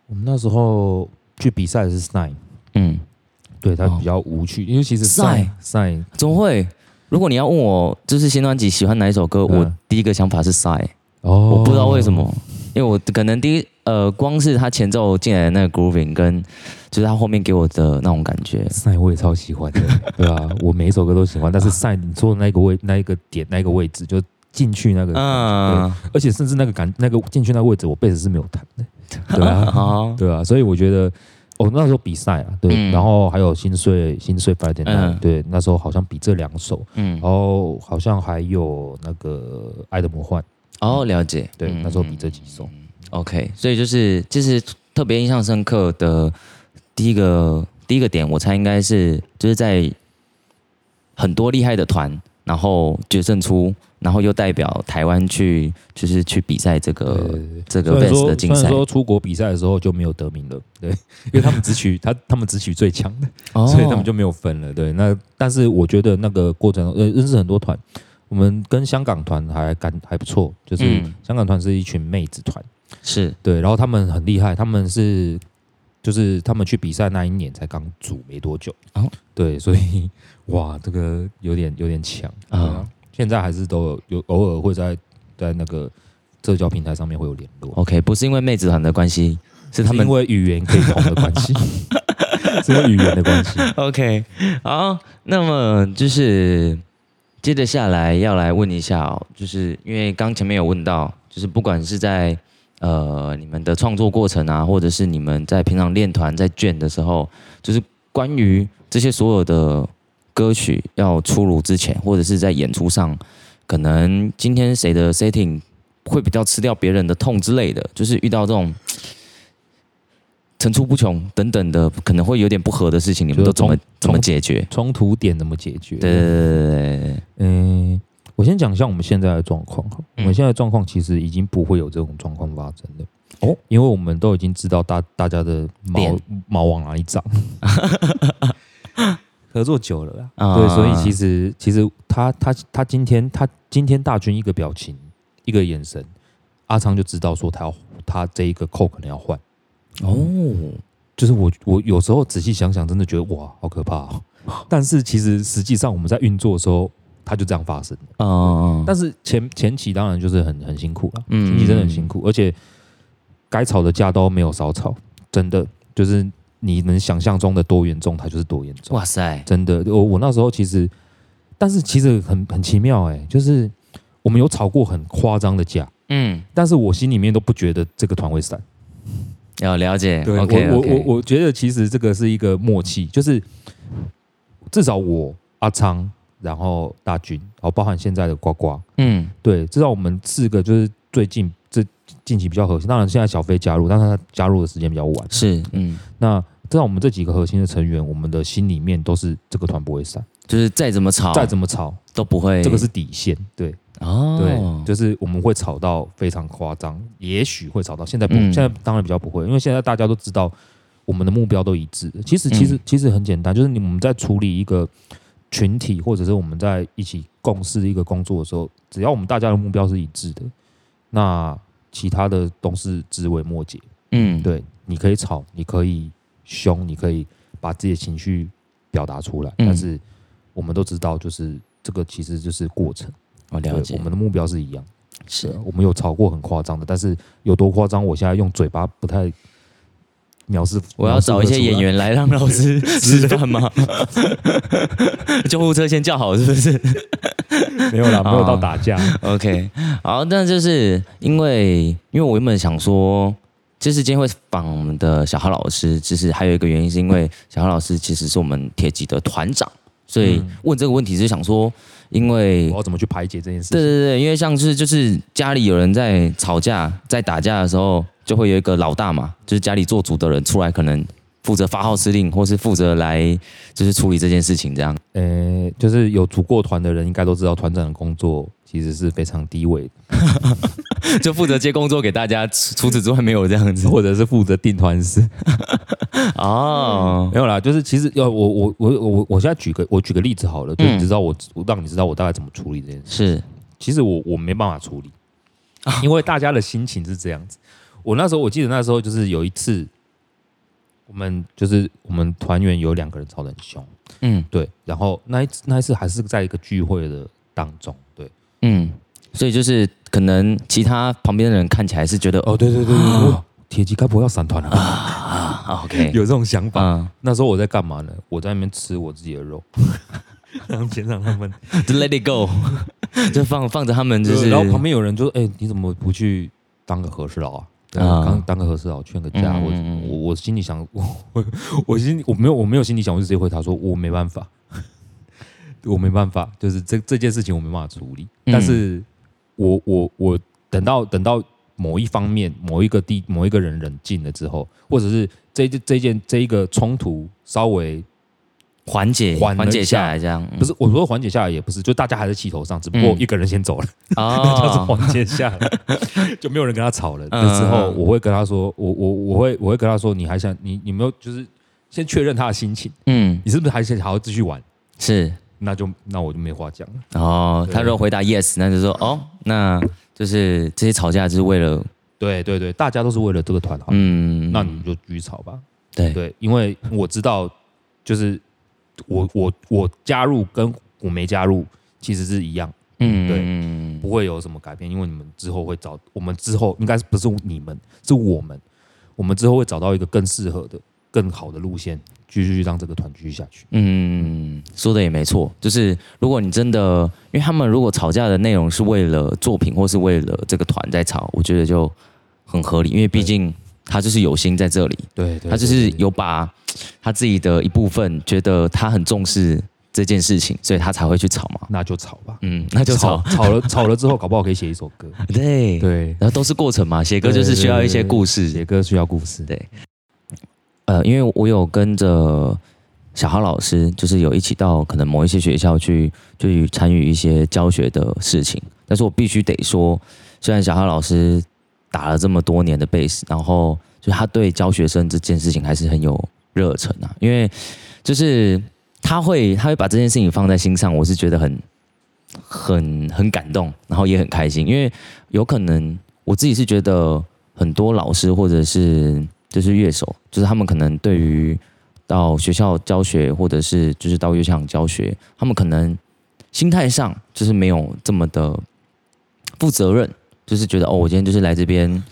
我們那時候去比賽的是 Sign 嗯，對，它比較無趣，哦、因為其實 Sign, Sign Sign 怎麼會？如果你要問我，就是新專輯喜歡哪一首歌，啊、我第一個想法是 Sign 哦，我不知道為什麼，哦、因為我可能第一呃，光是他前奏進來的那個 grooving 跟，就是他後面給我的那種感覺，Sign 我也超喜歡的，對吧、啊？我每一首歌都喜歡， 但是 Sign 你說的那個位、那一個點、那個位置，就進去那個，嗯、啊，而且甚至那個感、那個進去那個位置，我背時是沒有彈的。對啊， 哦、對啊，所以我覺得，哦，那時候比賽啊，對，嗯、然後還有《心碎》嗯嗯《心碎》《發點呆》，對，那時候好像比這兩首，嗯，然後好像還有那個《愛的魔幻》嗯，哦，了解，對，那時候比這幾首嗯嗯、嗯、，OK，所以就是其實特別印象深刻的第一個第一個點，我猜應該是就是在很多厲害的團，然後決勝出。然後又代表台灣去，就是去比賽這個對對對這個的競賽。雖然說出國比賽的時候就沒有得名了，對，因為他們只取他，他們只取最強的，哦、所以他們就沒有分了。對，那但是我覺得那個過程呃，認識很多團，我們跟香港團還還還不錯，就是、嗯、香港團是一群妹子團，是對，然後他們很厲害，他們是就是他們去比賽那一年才剛組沒多久啊，哦、對，所以哇，這個有點有點強啊。嗯嗯現在還是都有,有偶爾會在在那個社交平台上面會有聯絡。OK，不是因為妹子團的關係，是他們是因為語言可以通的關係， 是因為語言的關係。OK，好，那麼就是接着下來要來問一下哦，就是因為剛前面有問到，就是不管是在呃你們的創作過程啊，或者是你們在平常練團在卷的時候，就是關於這些所有的。歌曲要出爐之前，或者是在演出上，可能今天誰的 setting 會比較吃掉別人的痛之類的，就是遇到這種層出不窮等等的，可能會有點不合的事情，你們都怎麼怎麼解決？衝，衝突點怎麼解決？對對對，對，對嗯，我先講一下我們現在的狀況、嗯、我們現在的狀況其實已經不會有這種狀況發生的哦，嗯、因為我們都已經知道大大家的毛臉毛往哪裡長。 合作久了啦，uh. 對，所以其實其實他他他今天他今天大軍一個表情一個眼神，阿昌就知道說他要他這一個扣可能要換哦，oh. 就是我我有時候仔細想想，真的覺得哇，好可怕、喔。 但是其實實際上我們在運作的時候，他就這樣發生啊、uh.。但是前前期當然就是很很辛苦了，前、嗯嗯、期真的很辛苦，而且該吵的架都沒有少吵，真的就是。你能想象中的多嚴重它就是多嚴重。哇塞，真的，我我那時候其實，但是其實很很奇妙哎、欸，就是我們有吵過很誇張的架，嗯，但是我心裡面都不覺得這個團會散。要、哦、了解，對 okay, 我 okay. 我我我覺得其實這個是一個默契，嗯、就是至少我阿昌，然後大軍，哦，包含現在的呱呱，嗯，對，至少我們四個就是最近。這近期比較核心，當然現在小飛加入，但是他加入的時間比較晚。是，嗯，嗯，那知道我們這幾個核心的成員，我們的心裡面都是這個團不會散，就是再怎麼吵，再怎麼吵都不會，這個是底線。對，哦，對，就是我們會吵到非常誇張，也許會吵到現在不，嗯、現在當然比較不會，因為現在大家都知道我們的目標都一致。其實，其實，其實很簡單，就是你們在處理一個群體，或者是我們在一起共事一個工作的時候，只要我們大家的目標是一致的。那其他的都是枝微末節，嗯，對，你可以吵，你可以兇，你可以把自己的情緒表達出來，嗯，但是我們都知道，就是這個其實就是過程，啊，了解，我們的目標是一樣，是我們有吵過很誇張的，但是有多誇張，我現在用嘴巴不太。師傅，要我要找一些演員來讓老師吃飯嗎？ 是的 救護車先叫好是不是？沒有啦，沒有到打架。Oh, OK，好，但就是因為，因為我原本想說，就是今天會訪我們的小哈老師，就是還有一個原因是因為小哈老師其實是我們鐵擊的團長。所以問這個問題是想說，因為、嗯、我要怎麼去排解這件事情？對對對，因為像是就是家裡有人在吵架、在打架的時候，就會有一個老大嘛，就是家裡做主的人出來，可能負責發號施令，或是負責來就是處理這件事情這樣。呃，就是有組過團的人應該都知道團長的工作。其實是非常低位的， 就負責接工作給大家。 除此之外沒有這樣子， 或者是負責定團司哦，沒有啦。就是其實要我我我我我現在舉個我舉個例子好了，讓你知道我我、嗯、讓你知道我大概怎麼處理這件事。是，其實我我沒辦法處理，因為大家的心情是這樣子。Oh. 我那時候我記得那時候就是有一次，我們就是我們團員有兩個人吵得很凶，嗯，對。然後那一次那一次還是在一個聚會的當中。嗯，所以就是可能其他旁邊的人看起來是覺得哦，對對對對，鐵擊該不會要散團了啊？OK，有這種想法。那時候我在幹嘛呢？我在那邊吃我自己的肉，然後全場他們 Let it go，就放放着他們就是。然後旁邊有人就說：“哎，你怎麼不去當個和事佬啊？”啊，當個和事佬，勸個架。我我我心裡想，我我心我沒有我沒有心裡想，我就直接回答說：“我沒辦法。”我沒辦法，就是這這件事情我沒辦法處理。嗯、但是我，我我我等到等到某一方面、某一個地、某一個人冷靜了之後，或者是這這件這一個衝突稍微緩解緩解下來，這樣、嗯、不是我說緩解下來，也不是就大家還在氣頭上，只不過一個人先走了，啊、嗯，緩 解下來，哦、 就沒有人跟他吵了。那時候我會跟他說，我我我會我會跟他說，你還想你你沒有就是先確認他的心情，嗯，你是不是還想好好繼續玩？是。那就那我就沒話講了哦。對他如果回答 yes，那就說哦，那就是這些吵架就是為了對對對，對，大家都是為了這個團好。嗯，那你們就繼續吵吧。對對，因為我知道，就是我我我加入跟我沒加入其實是一樣，嗯，對，嗯、不會有什麼改變，因為你們之後會找我們之後應該是不是你們是我們，我們之後會找到一個更適合的。更好的路線，繼續讓這個團繼續下去。嗯，說的也沒錯，就是如果你真的，因為他們如果吵架的內容是為了作品或是為了這個團在吵，我覺得就很合理，因為畢竟他就是有心在這裡。對，對，他就是有把他自己的一部分，覺得他很重視這件事情，所以他才會去吵嘛。那就吵吧，嗯，那就吵，吵，吵了吵了之後，搞不好可以寫一首歌。對對，對，然後都是過程嘛，寫歌就是需要一些故事，寫歌需要故事，對。呃，因為我有跟着小哈老師，就是有一起到可能某一些學校去，去參與一些教學的事情。但是我必須得說，雖然小哈老師打了這麼多年的 bass 然後就他對教學生這件事情還是很有熱忱啊。因為就是他會，他會把這件事情放在心上，我是覺得很很很感動，然後也很開心。因為有可能我自己是覺得很多老師或者是。就是樂手，就是他們可能對於到學校教學，或者是就是到樂場教學，他們可能心態上就是沒有這麼的負責任，就是覺得哦，我今天就是來這邊、嗯、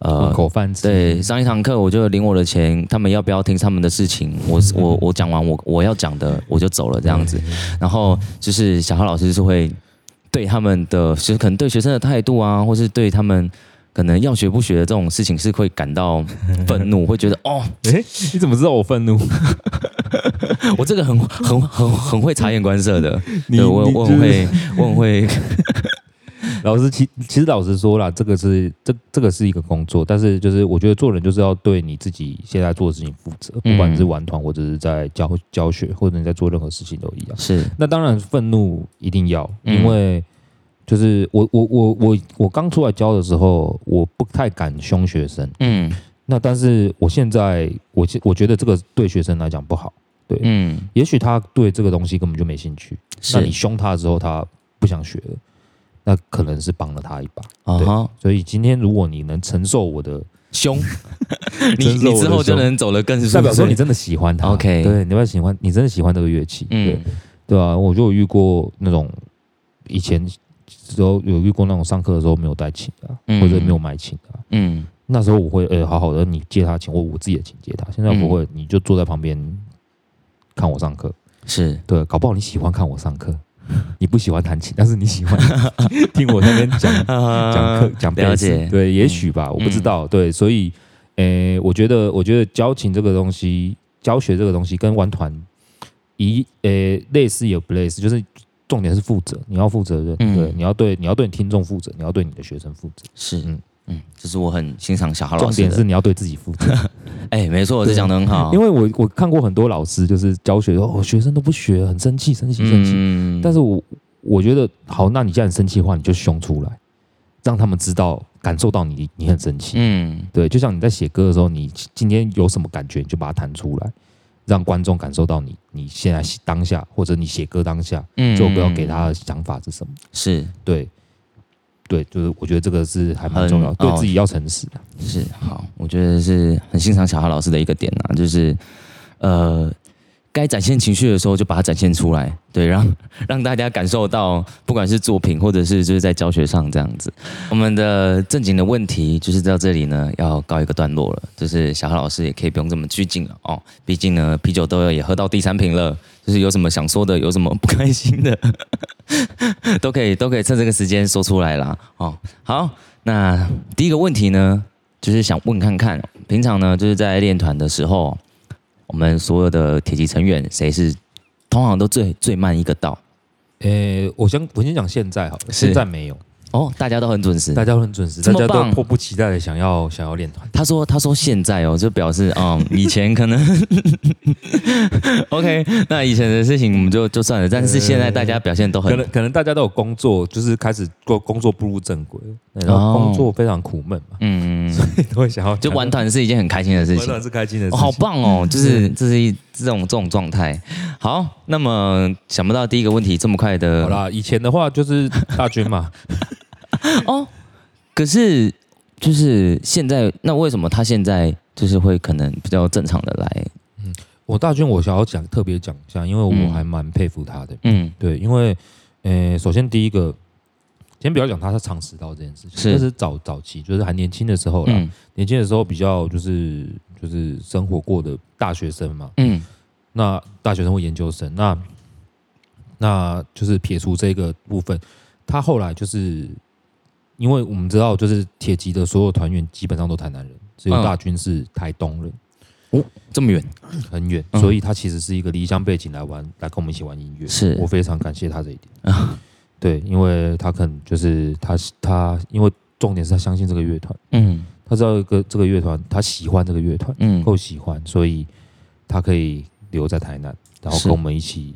呃，口飯吃。對，上一堂課我就領我的錢，他們要不要聽他們的事情，我我我講完我我要講的我就走了這樣子。嗯、然後就是小哈老師是會對他們的是可能對學生的態度啊，或是對他們。可能要學不學的這種事情是會感到憤怒， 會覺得哦，哎、欸，你怎麼知道我憤怒？ 我這個很很很很會察言觀色的， 你對我我很會，我很會。 老師，其其實老實說啦，這個是這這個是一個工作，但是就是我覺得做人就是要對你自己現在做的事情負責，不管是玩團，或者是在教教學，或者你在做任何事情都一樣。是，那當然憤怒一定要，嗯、因為。就是我我我我我剛出來教的時候，我不太敢凶學生。嗯，那但是我現在我我覺得這個對學生來講不好。對，嗯，也許他對這個東西根本就沒興趣。是那你凶他之後，他不想學了，那可能是幫了他一把。啊、uh huh，所以今天如果你能承受我的凶， 你你之後就能走得更是是。代表說你真的喜歡他？OK，對，你要，要喜歡，你真的喜歡這個樂器？嗯、對，對吧、啊？我就有遇過那種以前時候有遇過那種上課的時候沒有帶琴的、啊，嗯、或者沒有買琴的、啊。嗯，那時候我會呃好好的，你借他琴，我我自己的琴借他。現在我不會，嗯、你就坐在旁邊看我上課。是對，搞不好你喜歡看我上課， 你不喜歡彈琴，但是你喜歡聽我那邊講 講課講解對，也許吧，嗯、我不知道。嗯、對，所以誒、呃，我覺得我覺得教琴這個東西，教學這個東西跟玩團一誒、呃、類、類似，也不類似，就是。重點是負責，你要負責任，嗯、對，你要對，你要對你聽眾負責，你要對你的學生負責。是，嗯嗯，這是我很欣賞小哈老師。重點是你要對自己負責。哎、 欸，沒錯，對這講得很好。因為我我看過很多老師，就是教學的時候，學生都不學，很生氣，生氣，生氣。嗯、但是我我覺得，好，那你既然生氣的話，你就兇出來，讓他們知道，感受到你，你很生氣。嗯，對，就像你在寫歌的時候，你今天有什麼感覺，你就把它彈出來。讓觀眾感受到你，你現在當下或者你寫歌當下，嗯、最後歌要給他的想法是什麼？是對，對，就是我覺得這個是還蠻重要，哦、對自己要誠實的。是好，我覺得是很欣賞小哈老師的一個點啊，就是呃。嗯該展現情緒的時候就把它展現出來，對，讓讓大家感受到，不管是作品或者是就是在教學上這樣子。我們的正經的問題就是到這裡呢，要告一個段落了，就是小哈老師也可以不用這麼拘謹了哦，畢竟呢啤酒都要也喝到第三瓶了，就是有什麼想說的，有什麼不開心的，呵呵都可以都可以趁這個時間說出來啦。哦。好，那第一個問題呢，就是想問看看，平常呢就是在練團的時候。我們所有的鐵擊成員，誰是通常都最最慢一個到？呃、欸，我先我先講現在好了，是現在沒有。哦，大家都很準時，大家都很準時，大家都迫不及待的想要想要練團。他說：“他說現在哦，就表示啊、哦，以前可能 ，OK，那以前的事情我們就就算了。但是現在大家表現都很，欸欸欸欸可能可能大家都有工作，就是開始過工作步入正軌、哦，然後工作非常苦悶嘛，嗯，所以都會想要就玩團是一件很開心的事情，玩團是開心的事情，情、哦。好棒哦，就是，是這是一。”這種這種狀態，好。那麼想不到第一個問題這麼快的。好啦，以前的話就是大軍嘛。 哦，可是就是現在，那為什麼他現在就是會可能比較正常的來？嗯，我大軍我想要講特別講一下，因為我還蠻佩服他的。嗯，對，因為、呃、首先第一個，先不要講他是常遲到這件事情，是，是早早期就是還年輕的時候啦。嗯、年輕的時候比較就是。就是生活過的大學生嘛，嗯，那大學生或研究生，那那就是撇除這個部分，他後來就是因為我們知道，就是鐵擊的所有團員基本上都台南人，只有大軍是台東人，哦，哦，這麼遠，很遠遠，嗯、所以他其實是一個離鄉背井來玩，來跟我們一起玩音樂，是我非常感謝他這一點啊，嗯、對，因為他可能就是他他，因為重點是他相信這個樂團，嗯。他知道一個這個樂團，他喜歡這個樂團，嗯、夠喜歡，所以他可以留在台南，然後跟我們一起是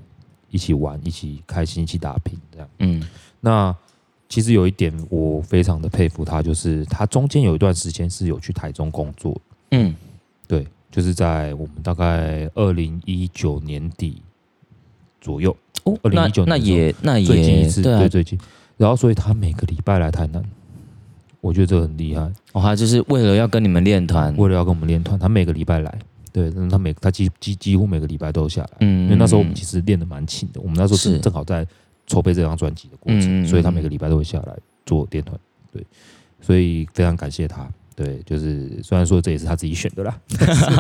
一起玩，一起開心，一起打拼，這樣。嗯，那其實有一點我非常的佩服他，就是他中間有一段時間是有去台中工作，嗯，對，就是在我們大概二零一九年底左右，哦，二零一九年，那也那也最近一次對啊，對最近，然後所以他每個禮拜來台南。我覺得這個很厲害。哦、他還就是為了要跟你們練團，為了要跟我們練團，他每個禮拜來。對，他每他幾幾幾乎每個禮拜都下來。嗯，因為那時候我們其實練的蠻勤的。是我們那時候是正好在籌備這張專輯的過程，嗯、所以他每個禮拜都會下來做練團。對，嗯、所以非常感謝他。對，就是雖然說這也是他自己選的啦，但是，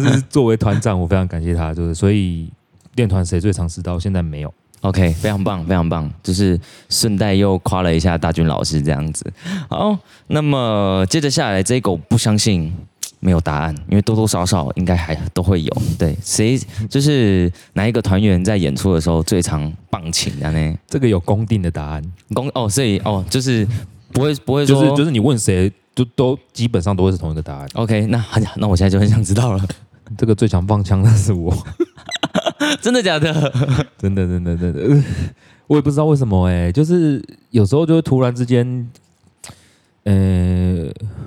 但是作為團長，我非常感謝他。就是所以練團誰最常時到現在沒有。OK，非常棒，非常棒，就是順帶又誇了一下大軍老師這樣子。好，那麼接着下來這個，我不相信沒有答案，因為多多少少應該還都會有。對，誰就是哪一個團員在演出的時候最常放槍的呢？這個有公定的答案，公哦，所以哦，就是不會不會說，就是，就是你問誰都都基本上都會是同一個答案。OK，那很那我現在就很想知道了， 這個最強放槍的是我。 真的假的？ 真的真的真的，我也不知道為什麼哎、欸，就是有時候就會突然之間，呃，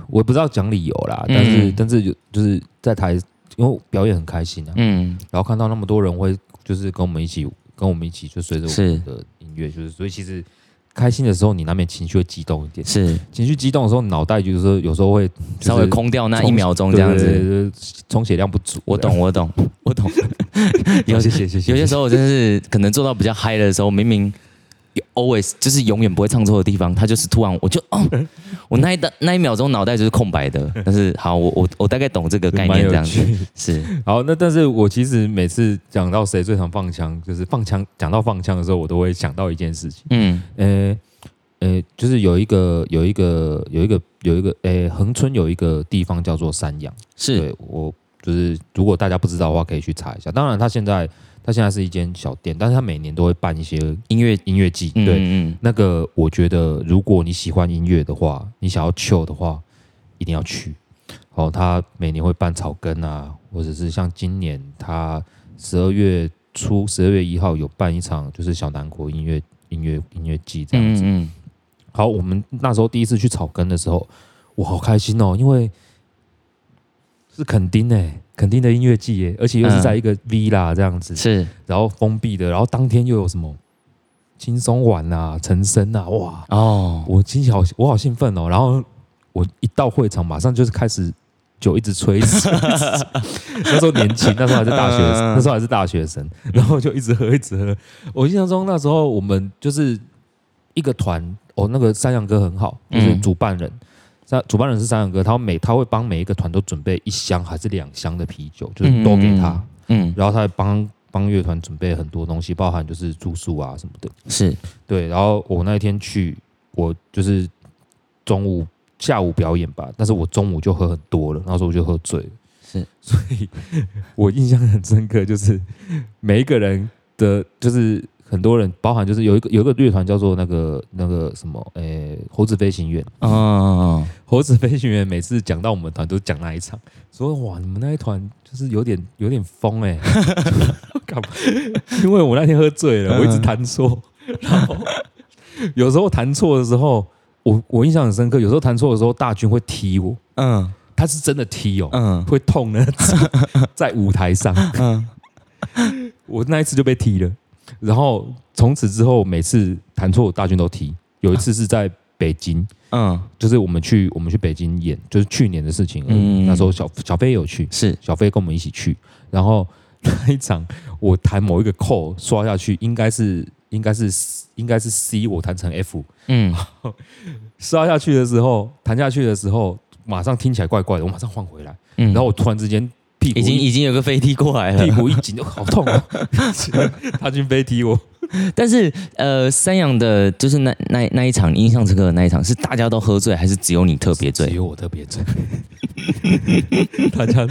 我也不知道講理由啦，但是但是就就是在台，因為表演很開心啊，嗯，然後看到那麼多人會就是跟我們一起跟我們一起就隨着我們的音樂，就是所以其實。開心的時候，你難免情緒會激動一點。是，情緒激動的時候，腦袋就是說有時候會稍微空掉那一秒鐘這樣子充血，對對對對，充血量不足。啊、我懂，我懂，我懂。 有些有些時候，真的是可能做到比較嗨的時候，明明。always 就是永遠不會唱錯的地方，他就是突然我就哦，我那一的那一秒鐘腦袋就是空白的。但是好，我我我大概懂這個概念這樣子。是，是，好，那但是我其實每次講到誰最常放槍，就是放槍，講到放槍的時候，我都會想到一件事情。嗯，誒、欸，誒、欸，就是有一個有一個有一個有一個誒，恆春有一個地方叫做山羊，是對我。就是如果大家不知道的話，可以去查一下。當然，他現在他現在是一間小店，但是他每年都會辦一些音樂音樂祭。對，嗯嗯那個我覺得如果你喜歡音樂的話，你想要 chill 的話，一定要去。好，他每年會辦草根啊，或者是像今年他十二月初十二月一號有辦一場，就是小南國音樂音樂音樂祭這樣子。嗯嗯好，我們那時候第一次去草根的時候，我好開心哦、喔，因為。是墾丁誒、欸，墾丁的音樂季耶、欸，而且又是在一個 V 啦這樣子，嗯、是，然後封閉的，然後當天又有什麼輕鬆玩啊、陳升啊，哇哦，我心情好，我好興奮哦。然後我一到會場，馬上就是開始酒一直， 一直吹，那時候年輕，那時候還是大學生，嗯嗯那時候還是大學生，然後就一直喝一直喝。我印象中那時候我們就是一個團，哦，那個三羊哥很好，就是主辦人。嗯主辦人是三楊哥，他每他會幫每一個團都準備一箱還是兩箱的啤酒，嗯、就是都給他，嗯嗯、然後他還幫幫樂團準備很多東西，包含就是住宿啊什麼的。是對，然後我那一天去，我就是中午下午表演吧，但是我中午就喝很多了，那時候我就喝醉了。是，所以我印象很深刻，就是每一個人的，就是。很多人，包含就是有一個有一個樂團叫做那個那個什麼，誒、欸，猴子飛行員啊，oh. 猴子飛行員每次講到我們團都講那一場，說哇，你們那一團就是有點有點瘋哎、欸，哈哈，幹嘛，因為我那天喝醉了，我一直彈錯、uh huh.，然後有時候彈錯的時候，我我印象很深刻，有時候彈錯的時候，大軍會踢我，嗯、uh，huh. 他是真的踢哦、喔，嗯、uh，huh. 會痛的，在舞台上，嗯、uh，huh. 我那一次就被踢了。然後從此之後，每次彈錯，大軍都踢。有一次是在北京，嗯，就是我們去我們去北京演，就是去年的事情。嗯，那時候小小飛有去，是小飛跟我們一起去。然後那一場，我彈某一個扣，刷下去，應該是應該是應該是 C，我彈成 F，嗯，然後刷下去的時候，彈下去的時候，馬上聽起來怪怪的，我馬上換回來。嗯，然後我突然之間。屁股已經已經有個飛踢過來了，屁股一緊就好痛啊。 他竟飛踢我！但是呃，三洋的，就是那那那一場印象深刻的那一場，是大家都喝醉，還是只有你特別醉？只有我特別醉。 大家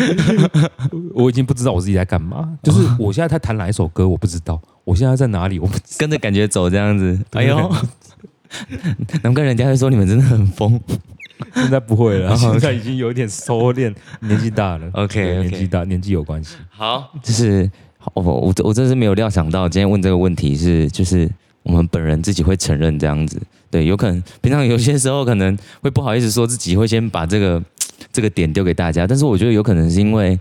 我，我已經不知道我自己在幹嘛。就是我現在在彈哪一首歌，我不知道。我現在在哪裡，我不跟着感覺走這樣子。哎喲呦能 跟人家說你們真的很瘋？現在不會了，好好 okay。現在已經有點收斂，年紀大了。OK, okay。對，年紀大，年紀有關係。好，就是我我我真是沒有料想到，今天問這個問題是就是我們本人自己會承認這樣子。對，有可能平常有些時候可能會不好意思說自己會先把這個這個點丟給大家，但是我覺得有可能是因為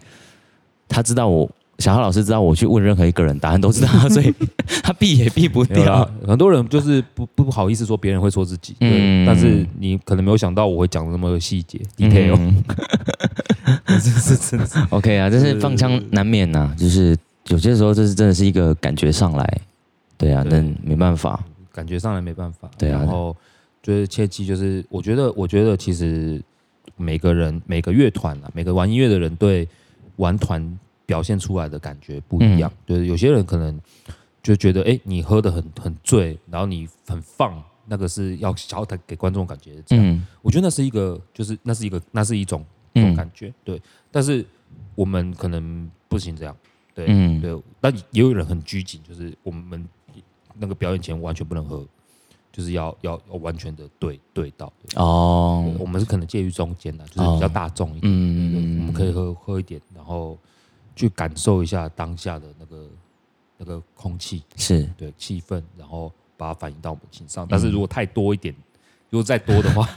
他知道我。小哈老師知道我去問任何一個人，答案都知道、啊，所以 他避也避不掉。很多人就是不不好意思說別人會說自己，對嗯、但是你可能沒有想到我會講的那麼細節 detail、嗯、OK 啊，這是放槍難免吶、啊，就是有些時候這是真的是一個感覺上來，對啊，對但沒辦法，感覺上來沒辦法，對啊。然後就是切記，就是我覺得，我覺得其實每個人每個樂團啊，每個玩音樂的人對玩團。表現出來的感覺不一樣、嗯，就是有些人可能就覺得，欸、你喝得很很醉，然後你很放，那個是要小要給觀眾感覺是這樣，嗯，我覺得那是一個，就是那是一個，那是一種一種感覺，嗯、對。但是我們可能不行這樣，對，嗯、對。那也有人很拘謹，就是我們那個表演前完全不能喝，就是要要要完全的對對到對哦對。我們是可能介於中間的，就是比較大眾一點，嗯，我們可以喝喝一點，然後。去感受一下當下的那個那個空氣，是對氣氛，然後把它反映到我們身上。嗯、但是如果太多一點，如果再多的話，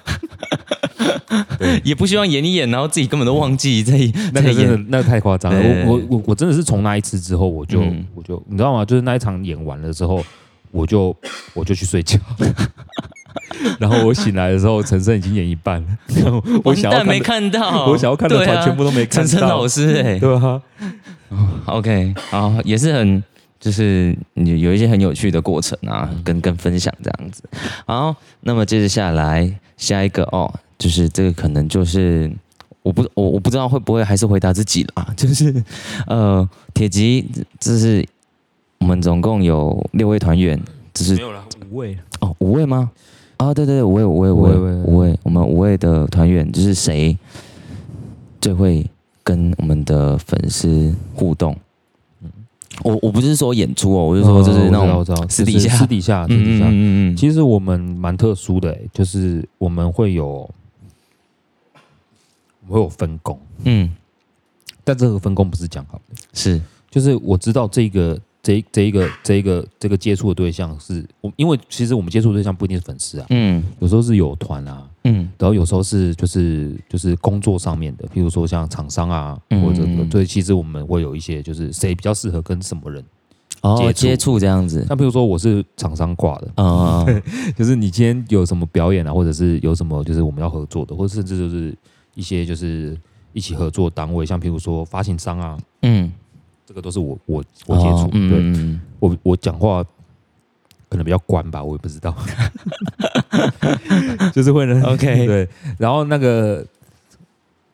嗯、對也不希望演一演，然後自己根本都忘記在那，那個太誇張了。對對對，我我我真的是從那一次之後，我就、嗯、我就你知道嗎？就是那一場演完了之後，我就我就去睡覺。 然後我醒來的時候，陳昇已經演一半了。我想要，但沒看到。我想要看的團、哦、 全部都沒看到。陳昇老師，哎，對啊。欸、對啊 OK，好，也是很，就是有有一些很有趣的過程啊，跟跟分享這樣子。然後那麼接着下來，下一個哦，就是這個可能就是我不我我不知道會不會還是回答自己了，啊，就是呃，鐵擊，這是我們總共有六位團員，這是沒有了五位哦，五位嗎？啊、哦，對對對，五位五位五位五位，我們五位的團員就是誰最會跟我們的粉絲互動？嗯，我我不是說演出哦，我是說就是那種私底下私底下私底下。嗯嗯,嗯,嗯,嗯其實我們蠻特殊的、欸，就是我們會有我們會有分工。嗯，但這個分工不是講好的，是就是我知道這個。這這一個這一,一個，這，一一個這個接觸的對象是我，因為其實我們接觸對象不一定是粉絲啊，嗯，有時候是有團啊，嗯，然後有時候是就是就是工作上面的，譬如說像廠商啊，嗯、或者對、這個，其實我們會有一些就是誰比較適合跟什麼人接觸、哦，接觸這樣子，那比如說我是廠商掛的啊，哦、 就是你今天有什麼表演啊，或者是有什麼就是我們要合作的，或者甚至就是一些就是一起合作單位，像譬如說發行商啊，嗯。這個都是我我我接觸、哦嗯嗯嗯、對，我我講話可能比較官吧，我也不知道， 就是會呢。OK，對，然後那個，誒、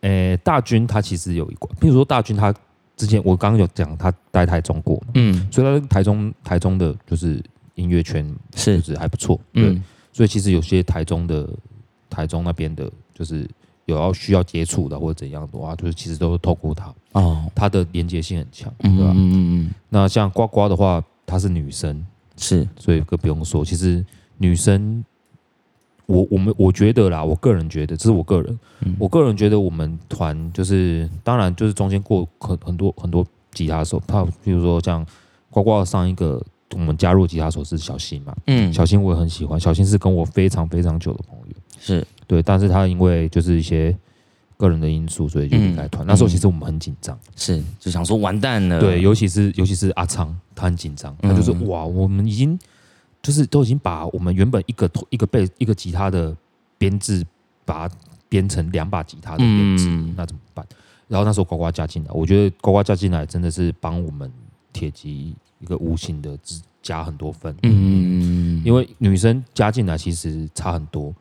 欸，大軍他其實有一個比如說大軍他之前我剛剛有講，他待在台中過，嗯，所以他台中台中的就是音樂圈是還不錯，是對嗯，所以其實有些台中的台中那邊的就是。有要需要接觸的或者怎樣的話，就是其實都是透過他，哦，oh. 他的連接性很強，mm hmm. 對吧？嗯嗯嗯。Hmm. 那像呱呱的話，她是女生，是，所以更不用說。其實女生，我我們我覺得啦，我個人覺得，這是我個人，mm hmm. 我個人覺得我們團就是，當然就是中間過很很多很多吉他手，他比如說像呱呱上一個我們加入的吉他手是小新嘛，嗯、mm，hmm. 小新我也很喜歡，小新是跟我非常非常久的朋友，mm hmm. 是。對，但是他因為就是一些個人的因素，所以就離開團。嗯、那時候其實我們很緊張，是，就想說完蛋了。對，尤其是尤其是阿昌，他很緊張，他就是、嗯、哇，我們已經就是都已經把我們原本一個一個貝一個吉他的編制，把它編成兩把吉他的編制，嗯、那怎麼辦？嗯、然後那時候呱呱加進來，我覺得呱呱加進來真的是幫我們鐵擊一個無形的加很多分。嗯嗯嗯，嗯嗯因為女生加進來其實差很多。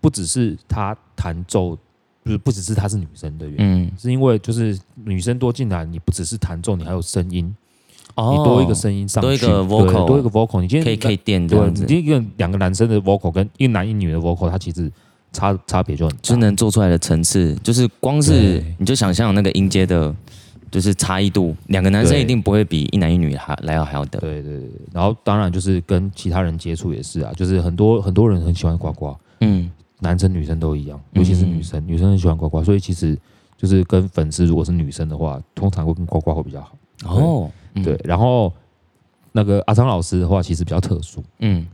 不只是他彈奏，不是不只是她是女生的原因，嗯、是因為就是女生多進來，你不只是彈奏，你還有聲音，哦、你多一個聲音上去，多一個 vocal，對對對，多一個 vocal，你今天可以可以墊對，你今天兩個男生的 vocal 跟一男一女的 vocal，它其實差差別就很大，就能做出來的層次就是光是你就想象那個音階的，就是差異度，兩對個男生一定不會比一男一女還來好還要好的，對對對，然後當然就是跟其他人接觸也是啊，就是很多很多人很喜歡呱呱，嗯。男生女生都一樣，尤其是女生，嗯嗯，女生很喜歡瓜瓜，所以其實就是跟粉絲如果是女生的話，通常會跟瓜瓜會比較好。哦，對，嗯、然後那個阿昌老師的話其實比較特殊，嗯，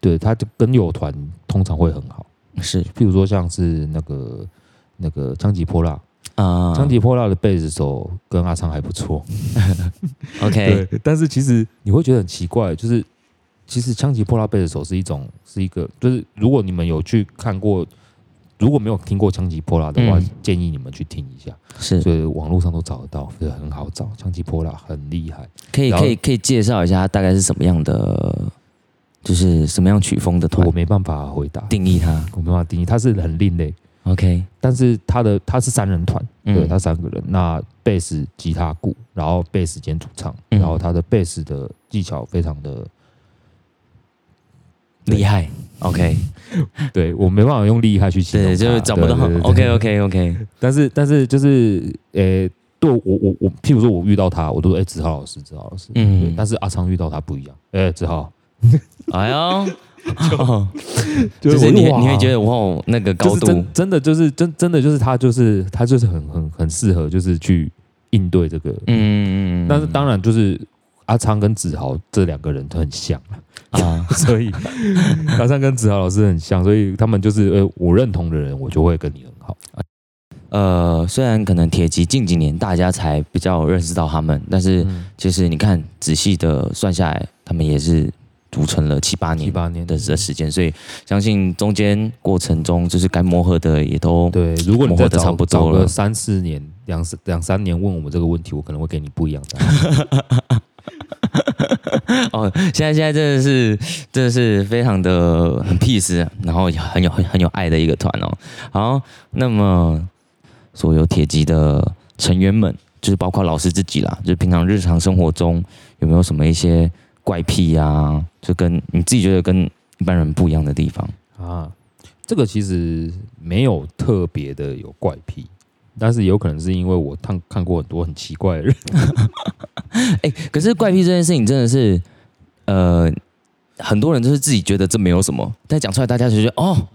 對，他就跟友團通常會很好，是，譬如說像是那個那個槍擊潑辣啊，槍擊潑辣的貝斯手跟阿昌還不錯。嗯、 OK，對，但是其實你會覺得很奇怪，就是。其實槍擊潑辣貝斯手是一種，是一個，就是如果你們有去看過，如果沒有聽過槍擊潑辣的話，嗯、建議你們去聽一下。是，所以網絡上都找得到，就很好找。槍擊潑辣很厲害，可以可以可以介紹一下他大概是什麼樣的，就是什麼樣曲風的團？我沒辦法回答定義他，我沒辦法定義他是很另類。OK，但是他的他是三人團，嗯、對他三個人，那貝斯、吉他、鼓，然後貝斯兼主唱，然後他的貝斯的技巧非常的。厲害，OK，對，我沒辦法用厲害去形容他，對，就是找不到。OK，OK，OK。但是，但是就是，呃，對我我我，譬如說我遇到他，我都說，哎，子豪老師，子豪老師。嗯。但是阿昌遇到他不一樣，哎，子豪，哎呀，就是你，你會覺得哇，那個高度，真的就是真真的就是他，就是他就是很很很適合，就是去應對這個。嗯。但是當然就是。阿昌跟子豪這兩個人都很像啊，uh. 所以 阿昌跟子豪老師很像，所以他們就是呃，我認同的人，我就會跟你很好。呃，雖然可能鐵擊近幾年大家才比較認識到他們，但是、嗯、其實你看仔細的算下來，他們也是組成了七八年、七八年的時時間，所以相信中間過程中就是該磨合的也都磨合得差不多了。對，如果你早個三四年、兩兩三年問我們這個問題，我可能會給你不一樣的。 哦，現在現在真的是真的是非常的很 peace，然後很有很有愛的一個團哦。好，那麼所有鐵擊的成員們，就是包括老師自己啦，就是、平常日常生活中有沒有什麼一些怪癖呀？啊，就跟你自己覺得跟一般人不一樣的地方啊？這個其實沒有特別的有怪癖。但是有可能是因為我看看過很多很奇怪的人，哎、 欸，可是怪癖這件事情真的是，呃，很多人就是自己覺得這沒有什麼，但講出來大家就覺得哦，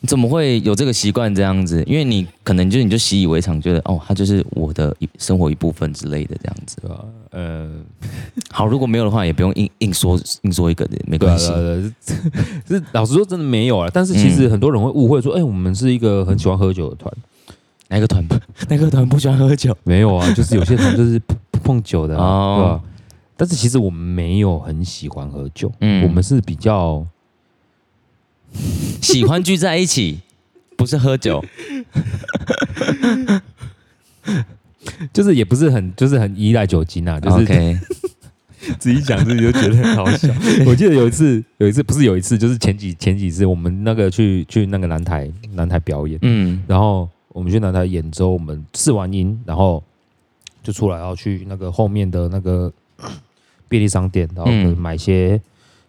你怎麼會有這個習慣這樣子？因為你可能就你就習以為常，覺得哦，他就是我的生活一部分之類的這樣子。啊、呃，好，如果沒有的話，也不用硬硬說硬說一個的，沒關係。是，是老實說，真的沒有啊，但是其實很多人會誤會說，哎、欸，我們是一個很喜歡喝酒的團。哪個團不哪個團不喜歡喝酒？沒有啊，就是有些團就是不不碰酒的，Oh. 對吧？但是其實我們沒有很喜歡喝酒，嗯，我們是比較喜歡聚在一起， 不是喝酒， 就是也不是很就是很依賴酒精啊。就是 Okay. 自己講自己就覺得很好笑。 我記得有一次，有一次不是有一次，就是前幾前幾次我們那個去去那個南台南台表演，嗯，然後。我們去南台演奏，我們試完音，然後就出來，然後去那個後面的那個便利商店，然後買一些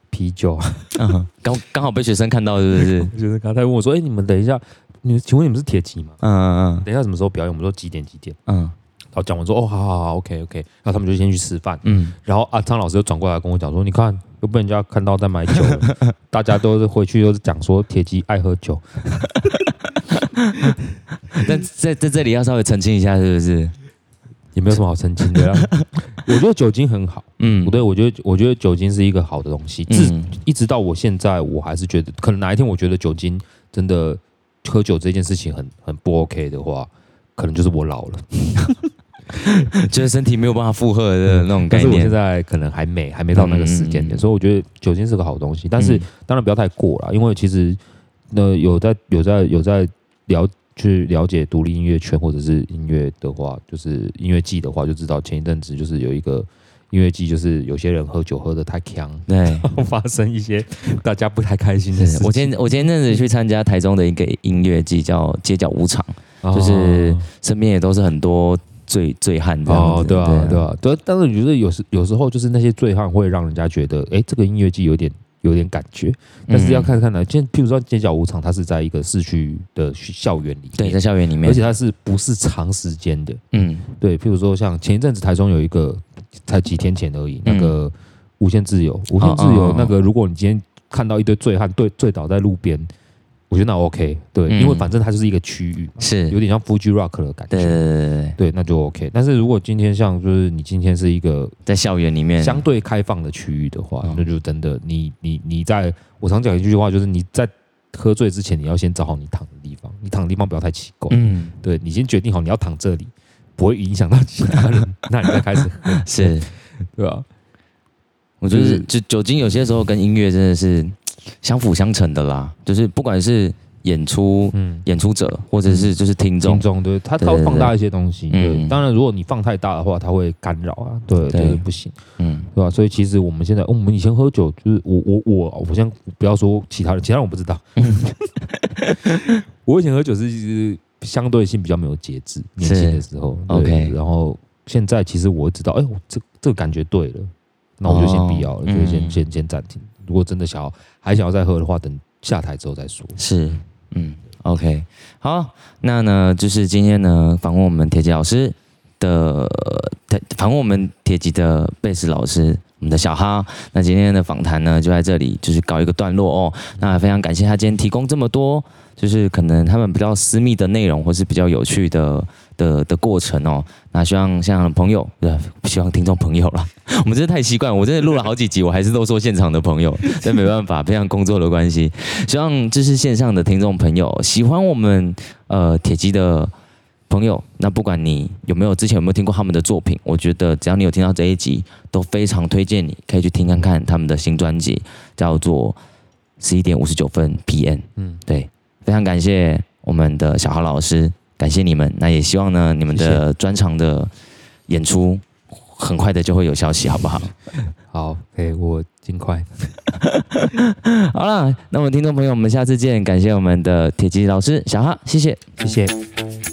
啤酒。嗯，剛剛好被學生看到，是不是？嗯嗯、學生剛才問我說：“哎，你們等一下，你們請問你們是鐵擊嗎？”嗯嗯，嗯等一下什麼時候表演？我們說幾點？幾點？嗯，嗯。然後講完說：“哦，好好好，OK OK。”那他們就先去吃飯。嗯，嗯。然後阿張老師又轉過來跟我講說：“你看，又被人家看到在買酒， 大家都是回去都是講說鐵擊愛喝酒。” 但在在這裡要稍微澄清一下，是不是？也沒有什麼好澄清的。 我覺得酒精很好，嗯，對，我覺得我覺得酒精是一個好的東西。嗯、自一直到我現在，我還是覺得，可能哪一天我覺得酒精真的喝酒這件事情很很不 OK 的話，可能就是我老了， 覺得身體沒有辦法負荷的那種感覺、嗯、我現在可能還沒還沒到那個時間點，嗯嗯嗯所以我覺得酒精是個好東西，但是、嗯、當然不要太過了，因為其實那有在有在有在,有在聊。去了解獨立音樂圈或者是音樂的話，就是音樂季的話，就知道前一陣子就是有一個音樂季，就是有些人喝酒喝得太鏘，對， 發生一些大家不太開心的事情的。我前我前陣子去參加台中的一個音樂季，叫街角舞場，就是身邊也都是很多醉醉漢的哦，對啊，對啊，對。但是我覺得有時有時候就是那些醉漢會讓人家覺得，哎、欸，這個音樂季有點。有點感覺，但是要看看呢。就、嗯、譬如說，尖叫無常，它是在一個市區的校園裡，對，在校園裡面，而且它是不是長時間的？嗯，對。譬如說，像前一陣子台中有一個，才幾天前而已，嗯、那個無限自由，無限自由。那個，如果你今天看到一堆醉漢，哦哦哦，對，醉倒在路邊。我覺得那 OK，對，嗯、因為反正它就是一個區域，是有點像 Fuji Rock 的感覺，對，對，對，對，對，那就 OK。但是如果今天像就是你今天是一個在校園裡面相對開放的區域的話，啊、那就真的，你你你在，我常講一句話，就是你在喝醉之前，你要先找好你躺的地方，你躺的地方不要太奇怪，嗯，對，你先決定好你要躺這裡，不會影響到其他人， 那你再開始 是， 對吧、啊？我覺、就、得、是、就酒精有些時候跟音樂真的是。相輔相成的啦，就是不管是演出，嗯，演出者或者是就是聽眾，聽眾，對，他會放大一些東西，當然如果你放太大的話，他會干擾啊，對，對，不行，嗯，對吧？所以其實我們現在，我們以前喝酒就是我我我，我先不要說其他的，其他我不知道，我以前喝酒是相對性比較沒有節制，年輕的時候對。然後現在其實我知道，哎，這這個感覺對了，那我就先不要了，就先先先暫停。如果真的想要，還想要再喝的話，等下台之後再說。是，嗯對，OK，好，那呢就是今天呢訪問我們鐵擊老師的，反、呃、訪問我們鐵擊的貝斯老師，我們的小哈。那今天的訪談呢就在這裡，就是告一個段落哦。那還非常感謝他今天提供這麼多，就是可能他們比較私密的內容，或是比較有趣的。的的過程哦，那希望現場朋友，對，希望聽眾朋友了， 我們真的太習慣，我真的錄了好幾集， 我還是都說現場的朋友，真 沒辦法，非常工作的關係。希望這是線上的聽眾朋友，喜歡我們呃鐵擊的朋友，那不管你有沒有之前有沒有聽過他們的作品，我覺得只要你有聽到這一集，都非常推薦你可以去聽看看他們的新專輯，叫做十一點五十九分 PM，嗯，對，非常感謝我們的小哈老師。感謝你們，那也希望呢，你們的專場的演出很快的就會有消息，好不好？ 好 o、okay, 我盡快。 好啦，那我們聽眾朋友，我們下次見。感謝我們的鐵擊老師小哈，謝謝，謝謝。Bye bye.